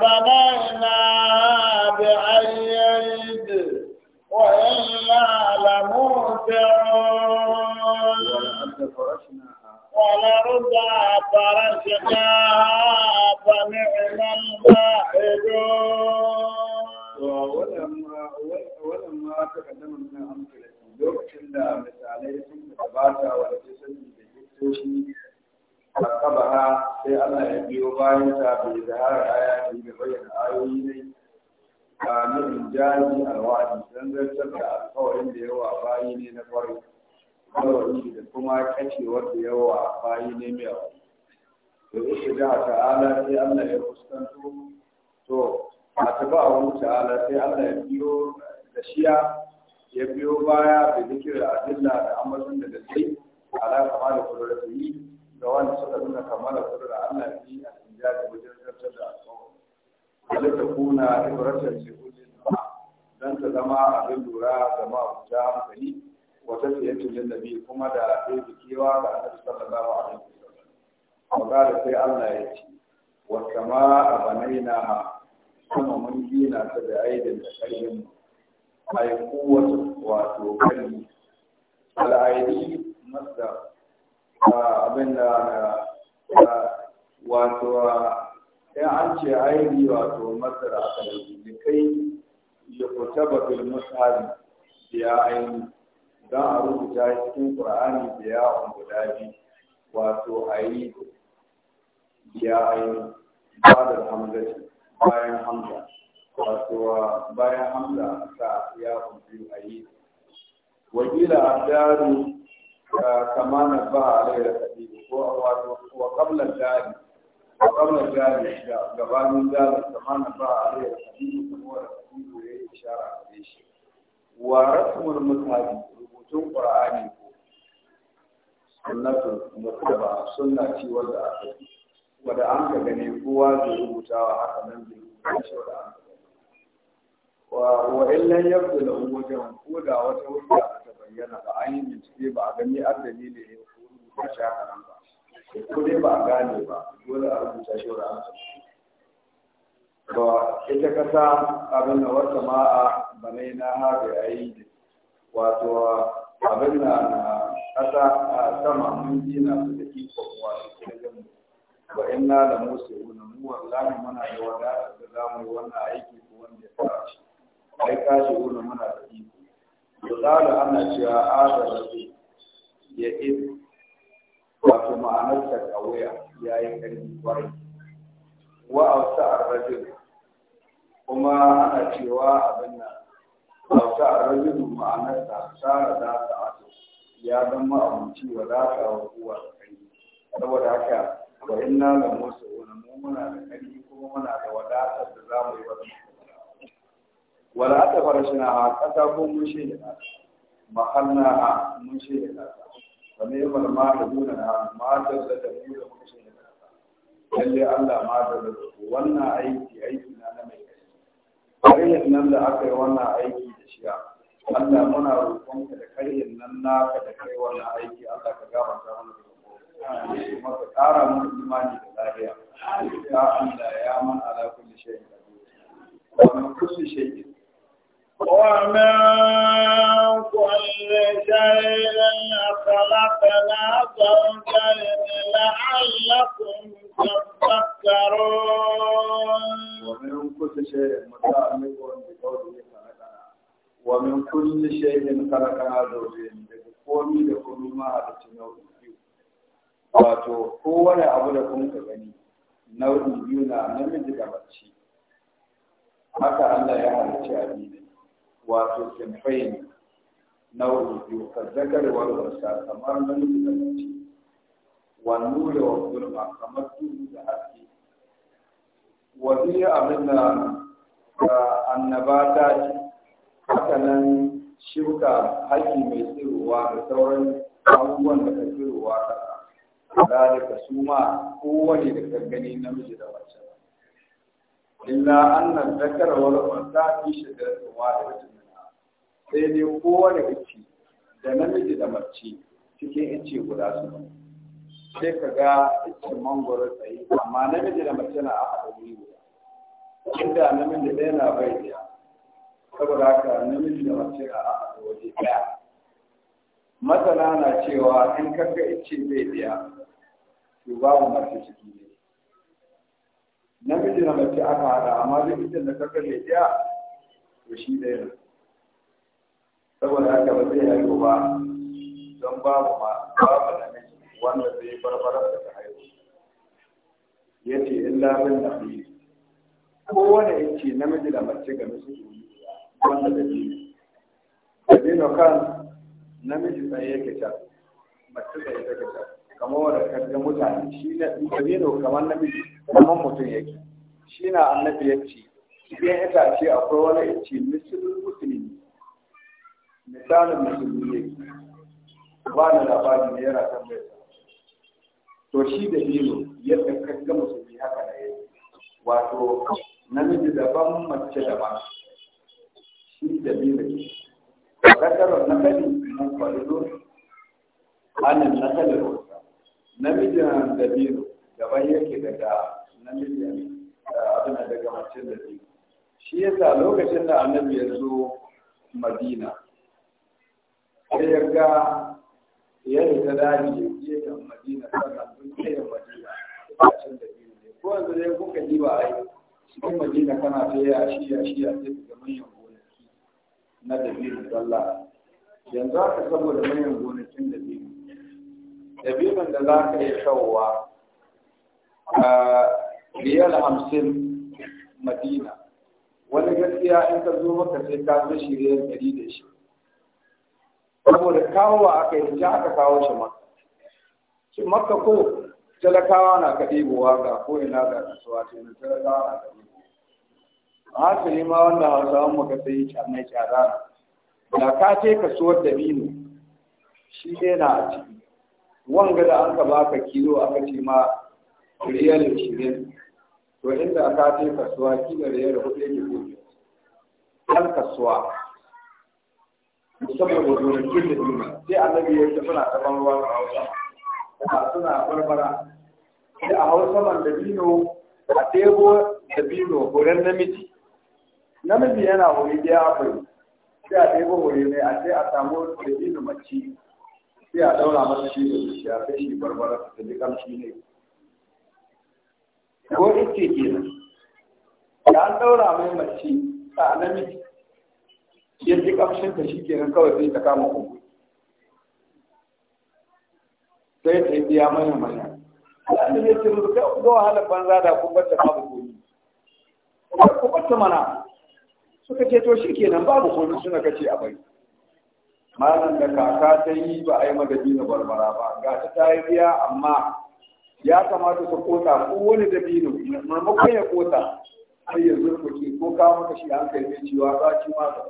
بنينا الأرض فرشناها فنعم الماعدون ولما ولما تقدم من أمثلة لوكتين da misalai sun gabata wa da sun da hikkoshi akabaha sai ana ya biyo bayan ta bai zahara ayati da bayyana ayoyi ne a nan jaji alwadi dan zartar da alƙawarin da yawa bayi ne na kwarai kawai da kuma kacewar da yawa bayi ne mai abu to ishe da ta'ala sai Allah ya fuskanto to a taba a wani ta'ala sai Allah ya biyo da shiya ya biyo baya da zikir adilla da amazon da dalilai ala kama da kudur da yi da wani suka nuna kudur da Allah yi a tunja da wajen zartar da alƙawari wanda ta kuna shi shekujin ba don ta zama abin lura da ma'abuta hankali wata fiyancin lin nabi kuma da ɗaya kewa ga annabi sallallahu alaihi wasallam amma da sai Allah ya ce wa kama abanaina kuma mun gina ta da aidin da ƙarfin ai kuwatu wato kari al'aidi masdar abin da wato in an ce aini wato masara a kai ya fita ba bil mushari ya aini don a rubuta cikin ƙur'ani da ya guda biyu wato a yi ya aini ba da hamzati bayan hamza wato bayan hamza sa ya biyu a yi wakila a daru kama na ba a rai da kaɗi ko wato wa kamlar dari wa kamlar dari gabanin dari kama na ba a rai da kaɗi kuma da ya yi ishara a shi wa rasmul mutabi rubutun qur'ani ko sunnatu mutaba sunna ce wanda aka yi wanda an ka gane kowa zai rubuta wa haka nan zai rubuta shi wanda an ka gane wa wa illan yabdu lahu wajhan ko da wata hujja ta bayyana ba an yi bincike ba a gani addali ne ko rubuta shi haka nan ba ko dai ba a gane ba dole a rubuta shi wanda an ka gane ba ita kasa abin da wata ma'a bane na haɗe a yi wato abin da na ƙasa a sama mun na su da ikon wato ba in na da musu wuna mu wallahi muna da wada da za mu yi wannan aiki ko wanda ya fara shi ai kashi wuna muna da iko da ana cewa a da zai ya iz wato ma'anar ta kawaya ya yi ƙarfi kwarai wa a wata rajin kuma ana cewa abin nan wata a rajulu ma'anarsa tsara za ta ato ya zama abinci wa za ta wa kowa da kai saboda haka wa inna da musu wani mu muna da kai kuma muna da wadatar da za mu yi wata wala ta farashina a ƙasa ko mun shi da ƙasa mahanna a mun shi da ƙasa wani yi ma da nuna na matar da da mu mun shi da ƙasa lalle Allah matar da wannan aiki aiki na na mai kai tarihin nan da aka yi wannan aiki zuciya Allah muna roƙonka da karyin nan naka da kai wannan aiki Allah ka gafarta mana da kuma ka ƙara mana imani da lafiya ya Allah ya man ala kulli shay'in wa min shay'in ومن كل شيء خلقنا زوجين لعلكم تذكرون ومن كل شيء wa min kulli shay'in khalaqa zawjayn daga komi da komi ma a cikin nau'i biyu wato kowane abu da kun ka gani nau'i biyu na namiji da mace haka Allah ya halicci abinda wato sinfai nau'i biyu ka zakar wal wasa kamar namiji da mace wannu da wa gulma kamar duhu da haske wa biya abinda annabata ce haka nan shuka haki mai tsirowa da sauran abubuwan da ka tsirowa kasa da su ma kowane da ka gani namiji da mace illa annan zakara wani unsa fi shajaratin nuna sai dai kowane ice da namiji da mace cikin ice guda su sai ka ga icen mangoro tsaye amma namiji da mace na a haɗa wuri guda inda namiji ɗaya na bai ɗaya saboda haka namiji da mace a a waje daya masana na cewa in kaga ice bai biya to babu mace ciki ne namiji da mace aka hada amma duk ita da kaga bai biya to shi ɗaya ne saboda haka ba zai haihu ba don babu ma babu namiji wanda zai barbarar da ta haihu ya ce illa bin nabi kowane ya ce namiji da mace game su wanda da shi na kan namiji tsaye yake ta mace tsaye take ta kamar wanda kallon mutane shi na dabino kamar namiji kamar mutum yake shi na annabi ya ce cikin itace akwai wani ya ce misalin musulmi misalin musulmi yake ba na labari ne yana tambayar to shi da dino yadda kallon musulmi haka na yake wato namiji daban mace daban shi da biyu وذكر النقل منفرد yake daga namiji abin shi yasa lokacin da annabi ya zo madina sai yi ta madina sannan sun madina ne ko yanzu kuka ji ba cikin madina kana ta yi a shi a shi a ga manyan na dabiru zalla yanzu haka saboda manyan gonakin biyu dabinon da za ka yi shawwa a riyal hamsin madina wani gaskiya in ka zo maka sai ka fi shi riyal ɗari da shi saboda kawowa aka yi ta aka kawo shi maka shi maka ko talakawa na kaɗi buwa ga ko ina ga kasuwa ce talakawa na kaɗi haka ne ma wanda hausawan mu ka sai ci annai da ka ce ka suwar da bino shi ne na a ciki wanga da an ka baka kilo aka ce ma riyal shirin to inda ka ce kasuwa kilo riyal hudu yake gobe ɗan kasuwa saboda gonakin da duniya sai annabi ya ce suna taban ruwa a hausa kuma suna barbara sai a hausa man da bino a tebo da bino horon namiji namiji yana hori ya akwai sai a ɗaya hori mai a sai a samu da inu mace sai a ɗaura masa shi da zuciya sai shi barbara ta ji kamshi ne ko ita kenan da an ɗaura mai mace a namiji ya ji kamshin ta shi kenan kawai sai ta kama kuma sai ta yi biya mana mana Allah ne ya ce mu ga halabban zada kuma ta babu Kuma kuma ta mana suka ce to shi kenan babu komai suna kace a bai malam da kaka ta yi ba a yi madadi na barbara ba ga ta ta yi biya amma ya kamata ta kota ko wani dabino maimakon ya kota sai ya zurfuki ko ka maka shi an kai cewa za ki maka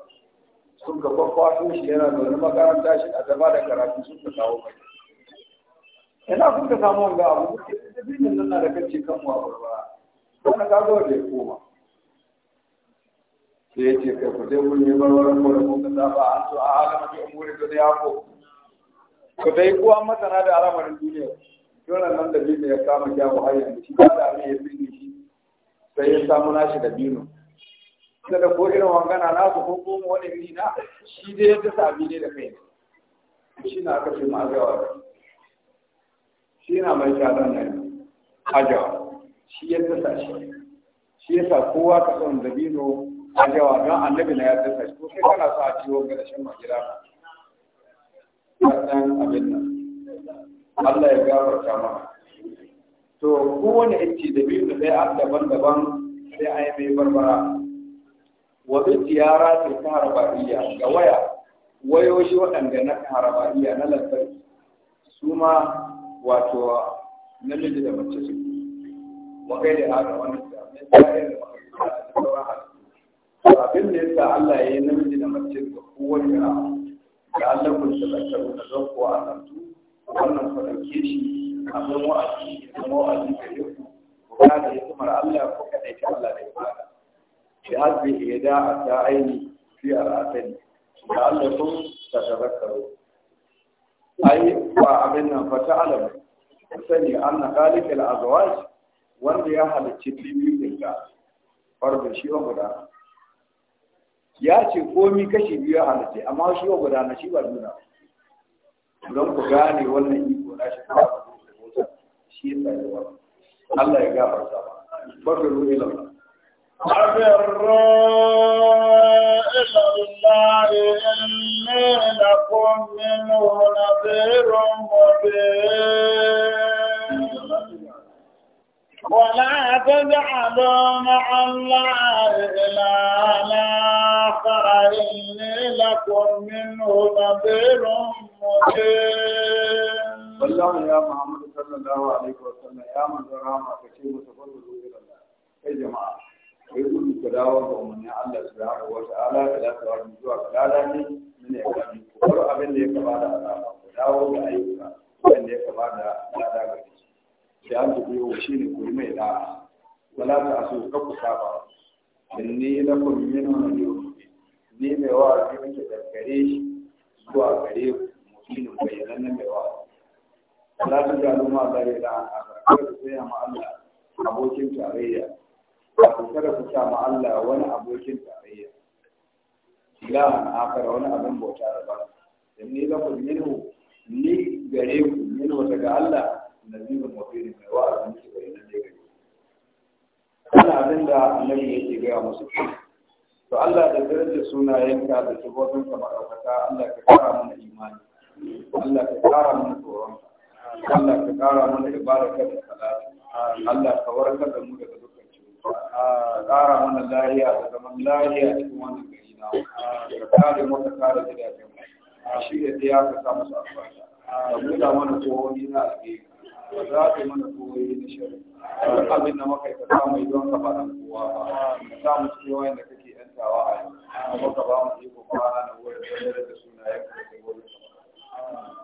sun ga kwakwato shi yana da wani makaranta shi a gaba da karatu sun ka kawo mai ina kun ka samu wanga abu dabino nan na da kace kan wa barbara wannan ka zo da ya koma sai ce ka ku mun yi barwaran mu da mun ka zaba an so a halama bi umuri ya ko ku dai kuwa masana da al'amarin duniya dole nan da bin ya kama kyawu har yanzu shi ba da abin ya bin shi sai ya samu nashi da bino da ko irin wangana na su ko kuma wani ni na shi dai yadda sabi ne da kai shi na aka fi ba. shi na mai shaɗan nan ajawa shi yadda sa shi shi yasa kowa ka son dabino a yawa don annabi na ya tsaka ko kai kana so a ciwo ga rashin magida wannan abin nan Allah ya gafarta mana to kowane ice da biyu da ɗaya daban-daban sai a yi mai barbara wa tiyara ta harabariya ga waya wayoyi waɗanda na harabariya na lantarki su ma wato namiji da mace su wa kai da haka wani da mai tsarin da sauran abin da yasa Allah ya yi namiji da mace ga kowace rana da Allah kun tabbatar da zakko a nan wannan farauke shi abin wa'azi da wa'azi ga yau ku kada ya kuma Allah ku kada ya Allah da ibada bi hasbi a ta aini fi al'atani da Allah kun tabbatar ai ba abin nan fa ta'alamu sani an na al-azwaj wanda ya halicci bibi dinka farda shi wa guda ya ce komi kashi biyu a halitta amma shi wa gudana shi ba nuna don ku gane wannan iko na shi ba shi ya tsaye wa Allah ya gafarta ba ka ruwa ila ba Abirro ilallahi inni lakum minhu nabirun mubin ولا تجعلوا مع الله إلها آخر إني لكم منه نذير مبين. والله يا محمد صلى الله عليه وسلم يا من درام كثير تفضلوا إلى الله. يا جماعة يقول كداوة ومن الله سبحانه وتعالى إلى سؤال مجوع كلالة من يكلم. ورأى من يكبر على الله. كداوة أيها من يكبر على الله. da an tafi yau shi ne kuri mai da'a wala ta so ka ku saba in ni na ku min wani yau ni mai wa a cikin ke daskare shi a gare mutumin bayanan na mai wa wala ta ga noma da ya da a aka da sai ma Allah abokin tarayya A ku kada ku sa ma Allah wani abokin tarayya ilahan akara wani abin bauta da ba in ni la kun minhu ni gare ku minhu daga Allah nazibin mafiri mai wa'azi musu bayanan ne gari ana abin da annabi yake gaya musu to Allah da daraja sunayenka da tubobin ka madaukaka Allah ka kara mana imani Allah ka kara mana tsoron Allah ka kara mana ibadaka da salati Allah ka warkar da mu daga dukkan cuta kara mana lahiya da zaman lahiya cikin wannan gari na ka kare mu ka kare gidajen mu shi da ya ka samu albarka ka buɗa mana tsohon na alheri ba za ka mana koyi da shari duk abin da muka yi ka samu idan faɗa kowa ba ka samu cikin wayan da kake yantawa a yanzu kuma ka ba mu iko kwana na wurin da sunayen ka da wurin ka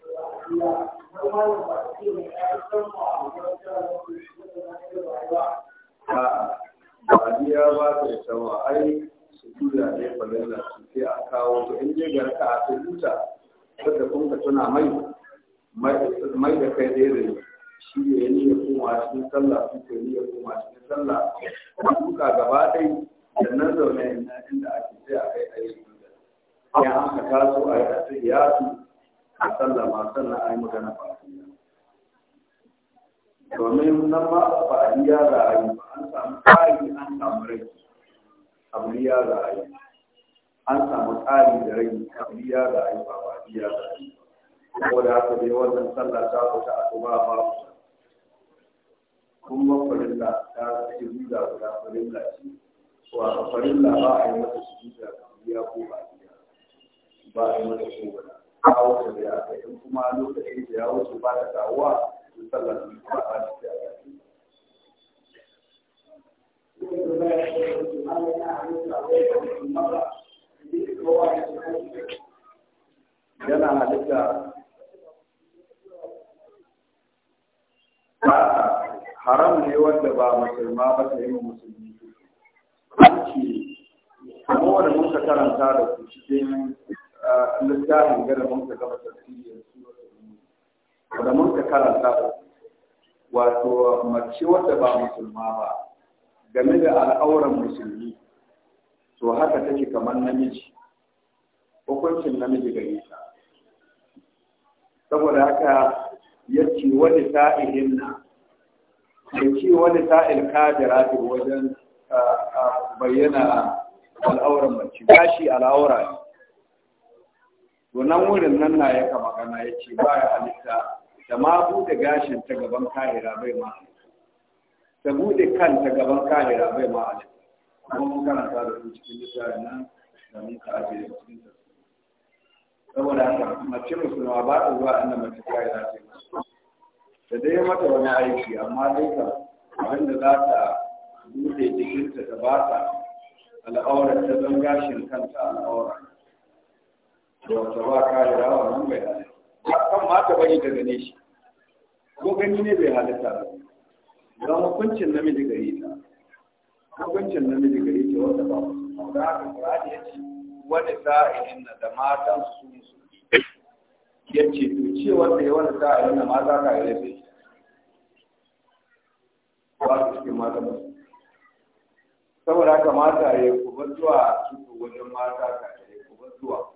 Badiya ba ta yi sama ai su juya ne falalla su sai a kawo su in je garka a sai duta wadda kun ka tuna mai mai da kai daidai shi ne ya niyyar kuma cikin sallah su ke niyyar kuma cikin sallah kuma duka gaba ɗai da nan zaune inda ake sai a kai a yi duta. Ya aka taso a yi a sai ya su a sallama sannan a yi magana ba domin nan ba a yi yara a yi ba an samu an samu rai abu a yi an samu da rai abu ya za a yi ba ba a yi ko da haka dai wannan sallah ta fita a tuba ba kuma farilla ta ce zuwa guda farilla ce wa farilla ba a yi mata su zuwa ya ko ba a yi ba a yi ko ba kawo ta da aka yi kuma lokacin da ya wuce ba ta su sallar da yana halitta haram ne wanda ba musulma ba ta yi musulmi kuma wanda muka karanta da ku cikin littafin gada mun ka gaba tafsirin suratul da mun ka karanta wato mace wadda ba musulma ba game da al'auran musulmi to haka take kamar namiji hukuncin namiji ga nisa. saboda haka ya ce wani sa'ihin na ya ce wani sa'il kadira da wajen bayyana al'auran mace gashi al'aura ne to nan wurin nan na yaka magana ya ce ba ya halitta da ma bude gashin ta gaban kahira bai ma ta bude kan ta gaban kahira bai ma halitta kuma mun karanta da su cikin littafin nan da mun ka ajiye da cikin saboda haka mace musulma ba ta zuwa inda mace kahira ce da dai mata wani aiki amma dai ka abinda za ta bude jikinta ta ba ta al'aurar ta don gashin kanta al'aurar wata ba ka da rawa nan bai halitta kan mata ta bari ta gane shi ko gani ne bai halitta ba don hukuncin namiji gari ta hukuncin namiji gari ta wata ba su da haka kurani ya ce wani sa'ilin na da matan su su ya ce to ce wanda ya wani sa'ilin na mata ka yi rabe ba su cikin mata ba saboda haka mata ya kuma zuwa su wajen mata ka yi kuma zuwa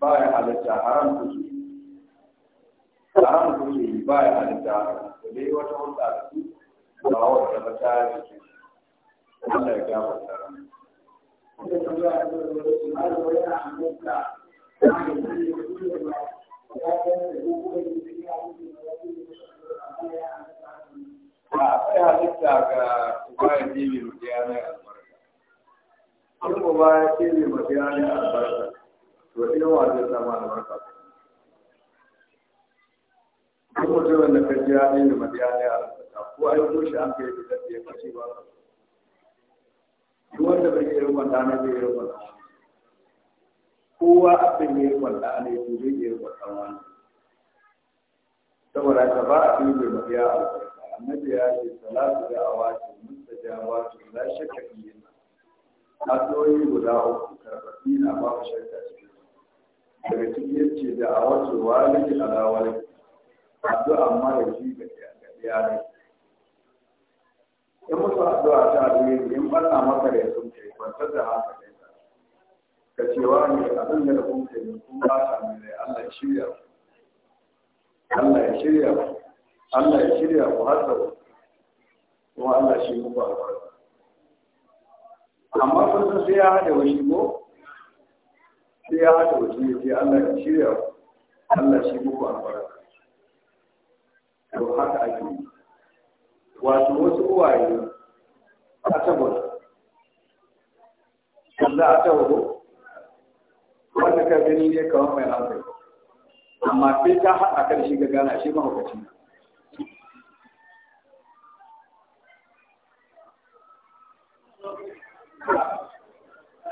ba ya halitta haram kuke haram kuke yi ba ya halitta haram ku ne wata hulɗa da su ba wata ba ta jiki Allah ya gaba ta A sai halitta ga uba ya ɗebe mu ɗaya na albarka. Kuma ba ya ɗebe mu ɗaya na albarka. to irin wa zai samu albarka duk mutumin da ka ji ya ne mai ya ne ko a yi shi an kai da ya kace ba Yi wanda bai yi rubuta na bai yi rubuta kowa abin ne rubuta ne to zai yi rubuta wani saboda ka ba a yi mai ya albarka annabi ya ce salatu da awati mustajabatu la shakka fiye addu'o'i guda uku karɓaɓɓi na babu shakka daga cikin ya ce da a wasu waliki alawali addu'a mara shi ga iyalai in musu addu'a ta duniya in banna maka da sun kai kwantar da haka ne ka cewa ne abin da kun kai kun ba ta mai rai Allah ya shirya ku Allah ya shirya ku Allah ya shirya ku har da kuma Allah shi muku albarka amma kun san sai ya hada wani ko sai ya haɗa wasu ya ce Allah ya shirya Allah shi muku albarka to haka ake yi wato wasu uwaye a tabbata za a tabbata wanda ka gani ne kawai mai hankali amma sai ta haɗa kan shi ga gana shi mahaukaci ne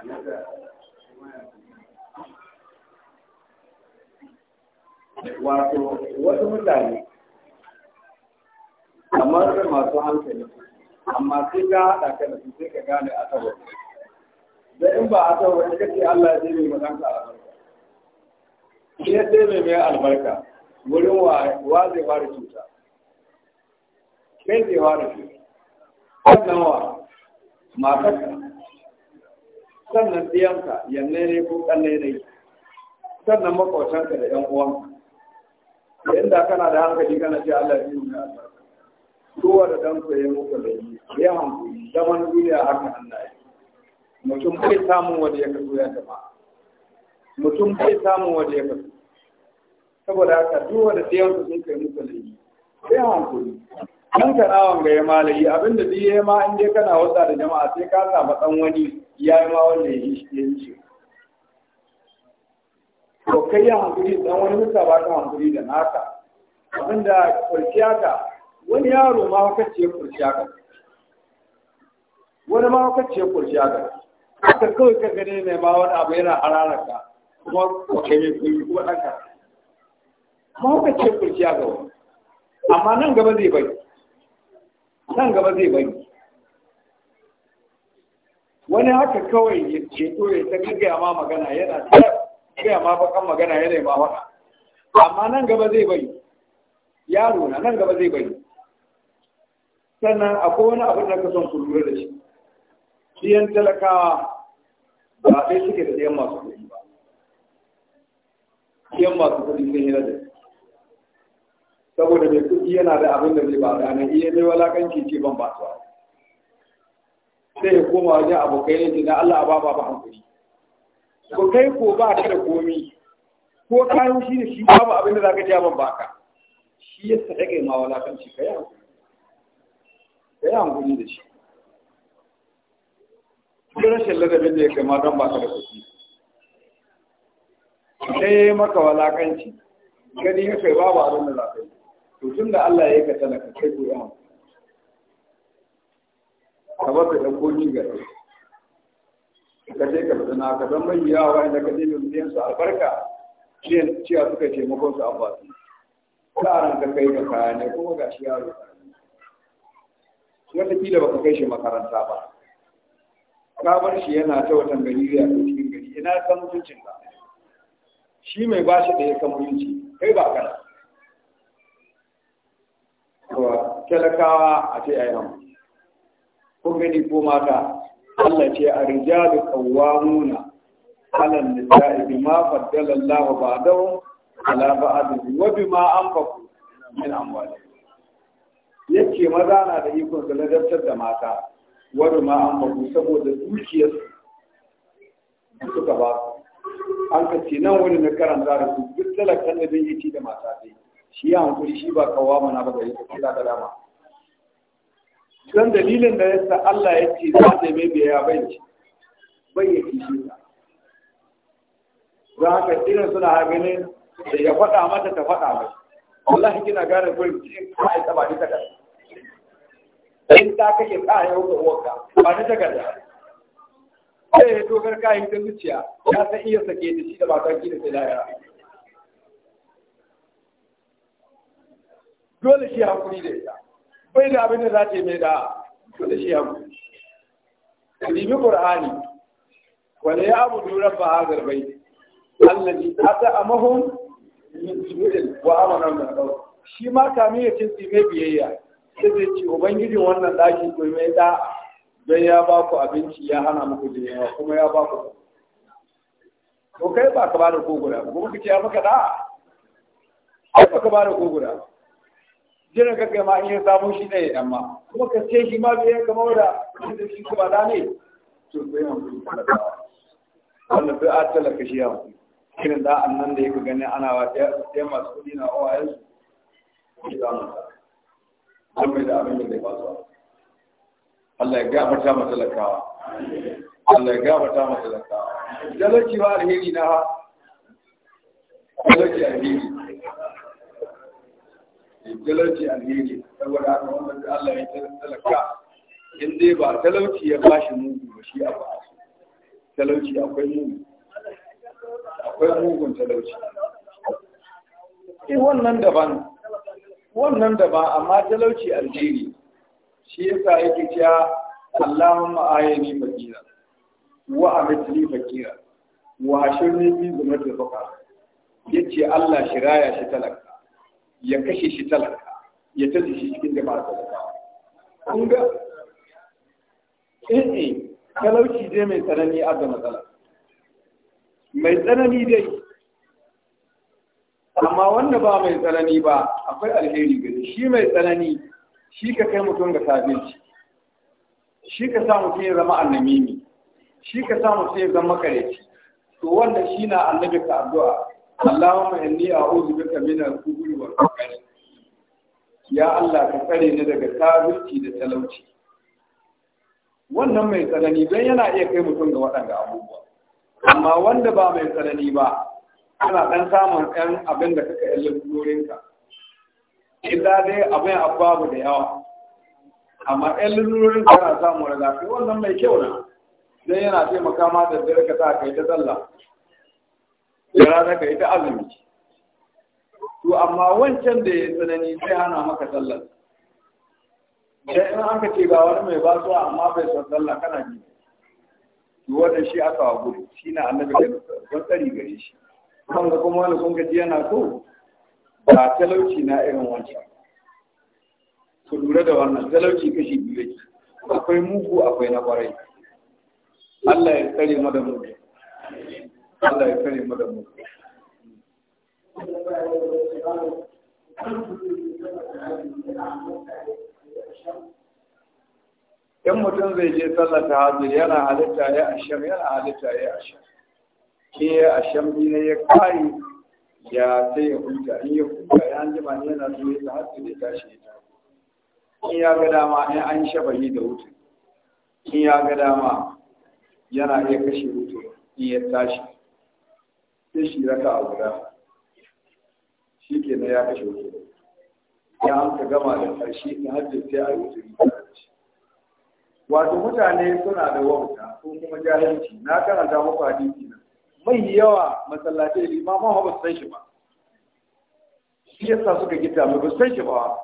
Thank you. wato wasu mutane kamar masu hankali amma sai ka haɗa ka da su sai ka gane a tabar da in ba a tabar ka ce Allah ya zai mai ka albarka shi ya zai mai mai albarka wurin wa zai fara cuta kai zai fara cuta sannan wa matarka sannan ɗiyanka yanne ne ko ƙanne ne sannan makwacinka da ‘yan uwanka yadda kana da hankali kana ce Allah biyu ne albarka kowa da dan ku yayi muku da yi ya hankali zaman duniya haka Allah ya mutum bai samun wanda ya kasu ya tafa mutum bai samun wanda ya kasu saboda haka duk wanda da yanku sun kai muku da yi ya nan ka na wanga ya malayi abinda duk ya ma in dai kana wasa da jama'a sai ka samu dan wani ya yi ma wanda ya yi shi to kai ya hankuri dan wani musa ba ta hankali da naka abinda kurciya ka wani yaro ma haka ce kurciya ka wani ma haka ce kurciya ka haka kawai ka gane mai ma wani abu yana hararaka kuma kwakai mai kuri kuma ɗanka ma haka ce kurciya ka wani amma nan gaba zai bai nan gaba zai bai wani haka kawai ya ceto ya ta gaggaya ma magana yana ta sai ma bakan magana yana ma faɗa amma nan gaba zai bari yaro na nan gaba zai bari sannan akwai wani abin da ka son ku lura da shi siyan talakawa ba sai suke da yan masu kuɗi ba Yan masu kuɗi sun yi da saboda mai kuɗi yana da abin da zai ba da nan iya wala walakanci ce ban ba su sai ya koma wajen abokai ne da Allah ba ba ba hankali ko kai ko ba ka da komi ko kayan shi ne shi babu abin da za ka ba ka shi ya sa dage ma walakanci ka yi hankuli da shi ko rashin ladabin da ya kai matan ba ka da kuɗi sai ya yi maka walakanci gani ya kai babu abin da za ka yi to tun da Allah ya yi ka talaka kai ko yi hankuli ka ba ka ɗan komi ga shi ka je ka fita don mai yawa wanda ka ɗebe mutum su albarka cewa suka taimakon su an ba ka kai ka kaya ne kuma ga shi yaro wata kila baka kai shi makaranta ba ka shi yana ta watan gari ya ta cikin gari ina san mutuncin ka shi mai ba shi da ya san mutunci kai ba kana talakawa a ce ayyam kun gani ko mata Allah ce a rijalu qawwamuna ala nisa'i ma faddala Allahu ba'dahu ala da wa bima anfaqu min amwalihim yace maza na da ikon su ladabtar da mata wa an anfaqu saboda dukiyar suka ba an ka ce nan wani na karanta da su duk talakan da bin yi da mata dai shi ya hankuri shi ba kawama mana ba da yi ta kila da dama don dalilin da yasa Allah ya ce za ta mai biya bai ci bai ya kishi ta don haka irin suna haganin da ya faɗa mata ta faɗa mai ya gina gane gurin cikin kai ya ba ni gada in ta kake ka yi ga uwarka ba ni gada sai eh, ya dogar kayan ta zuciya ya san iya sake da shi da matan ki da sai dole shi hakuri da ita bai da abin da za ce mai da to da shi abu kalimi qur'ani wala ya abu dura fa hadar bai allazi ata amahum min jibril wa amana min qawl shi ma kamin ya tinsi mai biyayya sai zai ce ubangiji wannan daki ko mai da don ya ba ku abinci ya hana muku jinewa kuma ya ba ku to kai ba ka ba da ko ba ko kuka ce ya maka da ai ba ka ba da ko guda jiran ka kai ma in ya samu shi ne ya ma kuma ka ce shi ma bai kama da da shi kuma da ne to sai mu kuri wannan bai a talaka shi ya mu kirin da annan da yake gani ana wa ɗaya masu kuɗi na OIS shi za mu ta an mai da abin da zai fasuwa Allah ya gafarta masa talakawa Allah ya gafarta masa talakawa talaki ba alheri na ha talaki alheri talauci alheri saboda haka wannan da Allah ya talaka in dai ba talauci ya bashi mugu ba shi a ba talauci akwai mugu akwai mugun talauci eh wannan daban wannan daban amma talauci alheri shi yasa yake cewa Allahumma ayini fakira wa amitni fakira wa ashirni bi zumatil ya yace Allah shiraya shi talaka ya kashe shi talaka ya tafi shi cikin da jama'ar talakawa kun ga ɗin eh, eh, talauci dai mai tsanani a da matsala mai tsanani dai amma wanda ba mai tsanani ba akwai alheri gari shi mai tsanani shi ka kai mutum ga sabinci shi ka sa mutum ya zama annamimi shi ka sa mutum ya zama kareci to wannan shi na annabi ka addu'a اللهم inni a'udhu بك من الكبر kufri يا الله ya Allah ka tsare ni daga kafirci da talauci wannan mai tsanani don yana iya kai mutum ga waɗanda abubuwa amma wanda ba mai tsanani ba ana ɗan samun ɗan abin da kaka yan lalurorinka idan dai abin ababu da yawa amma yan ka kana samun ragafi wannan mai kyau na don yana taimaka ma da dare ka sa kai ta sallah Jira zaka ita azumi ce to amma wancan da ya tsanani sai ana maka sallar sai in an ka ce ga wani mai basuwa amma bai san sallah kana ji to wannan shi aka wa gudu shi na annabi da don tsari gare shi kan ga kuma wani kun gaji yana so ba talauci na irin wancan ku lura da wannan talauci kashi biyu akwai mugu akwai na kwarai Allah ya tsare mu da mugu Allah ya mu da mu in mutum zai je sallar ta hajji yana halitta ya asham yana halitta ya asham ke ya asham ne ya kari ya sai ya huta in ya huta ya an jima ne yana zuwa ya hajji ne tashi ya tashi in ya ga dama in an yi da hutu in ya ga dama yana iya kashe hutu in ya tashi sai shi raka a guda shi ke na ya kashe wuce ya amsa gama da ƙarshe na hajji sai a yi wuce wato mutane suna da wauta ko kuma jahilci na karanta muku hadisi nan mai yawa masallatai limaman ba su san shi ba shi yasa suka gita mu ba su san shi ba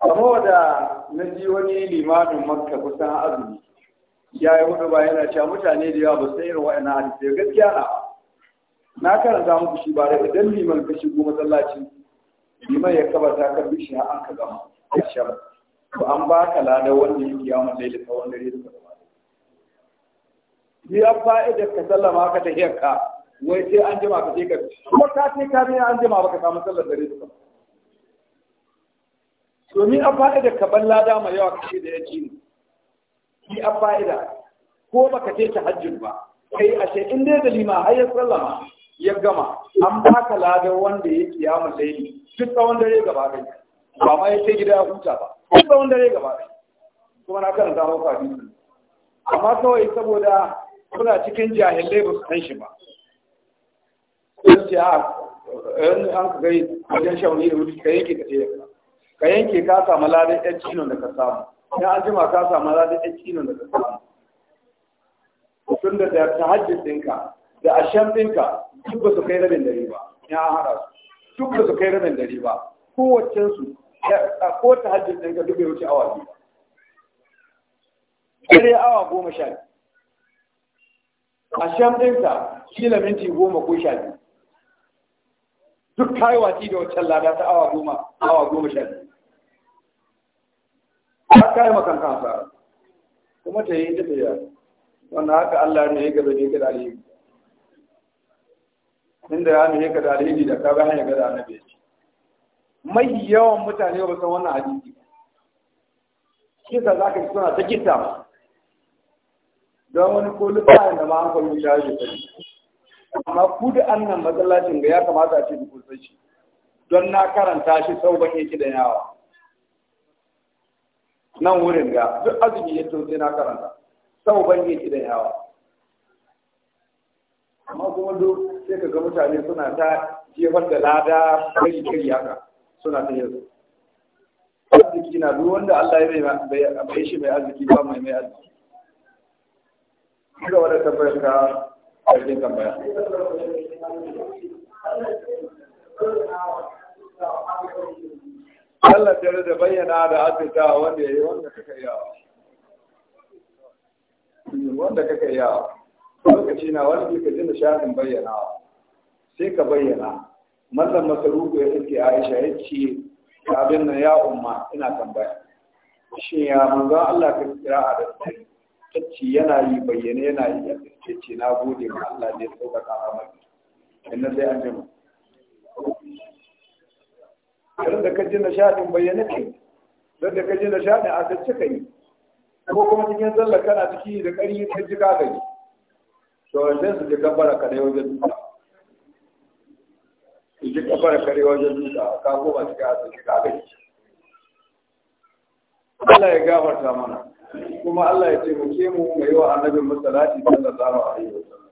amma da na ji wani limamin makka kusan azumi ya yi hudu ba yana cewa mutane da yawa ba su irin wa'annan sai gaskiya na na karanta muku shi ba daga dan liman ka shigo masallaci liman ya kaba ta shi bishi an ka gama shar to an ba ka lada wanda yake ya mun daidai ta wanda da Yi ni ya fa'ida ka sallama ka ta ka wai sai an jima ka je ka kuma ka ce ka ne an jima baka samu sallar dare duka domin an fa'ida ka ban lada mai yawa kace da ya ci ki an fa'ida ko baka je tahajjud ba kai ashe in dai da lima har ya sallama ya gama an baka ladar wanda ya kiyama laili duk tsawon dare gaba ɗaya ba ma ya ce gida ya huta ba duk tsawon dare gaba ɗaya kuma na kan karanta maka hadisi amma kawai saboda kuna cikin jahilai ba su san shi ba ce a ah, yanzu an ka gai wajen shawarar da ka yanke ka ce ka yanke ka samu ladar yan cinon da ka samu ya an jima ka samu da ɗan nan da ka samu tun da ta hajji ɗinka da ashen ɗinka duk ba su kai rabin dare ba ya hada su duk ba su kai rabin dare ba kowaccen su ko ta hajji ɗinka duk ya wuce awa biyu sai awa goma sha biyu ashen ɗinka kila minti goma ko sha biyu duk kayi wati da waccan lada ta awa goma awa goma sha biyu hasara kai makan kansa kuma ta yi ta tafiya wannan haka Allah ne ya gaba ne ka da alheri inda ya ne ka da alheri da ka ba hanya ga da annabi mai yawan mutane ba san wannan hadisi kisa zaka yi suna ta kitta don wani ko lubayan da ma an kwallo ya yi amma ku da annan matsalacin ga ya kamata a ce ku sai shi don na karanta shi sau ban yake da yawa nan wurin ga duk azumi ya to sai na karanta sau ban yi da yawa amma kuma duk sai ka ga mutane suna ta jefar da lada kai kari haka suna ta yanzu arziki na duk wanda Allah ya bai shi mai arziki ba mai mai arziki ga wanda tabbayar ka ƙarfin tambaya Thank you. Allah ta da bayyana da asirta wanda ya yi wanda kaka yawa. Wanda kaka yawa. Lokaci na wani ka ji nishaɗin bayyana sai ka bayyana. Mallan Masaruku ya suke Aisha ya ce abin nan ya umma ina tambaya. Shi ya manzo Allah ka kira a da sai. Tacci yana yi bayyane yana yi ya ce na gode ma Allah ne ka amari. Inna sai an jima. garin da ka ji nishaɗin bayyana ce don da ka ji nishaɗin a tacce yi ko kuma cikin sallar kana ciki da ƙari ta ji ka gani to sai su ji kabbara ka wajen duka su ji kabbara ka wajen duka ka koma cikin a tacce ka gani Allah ya gafarta mana kuma Allah ya ce mu ke mu mai wa annabin masalati sallallahu alaihi wasallam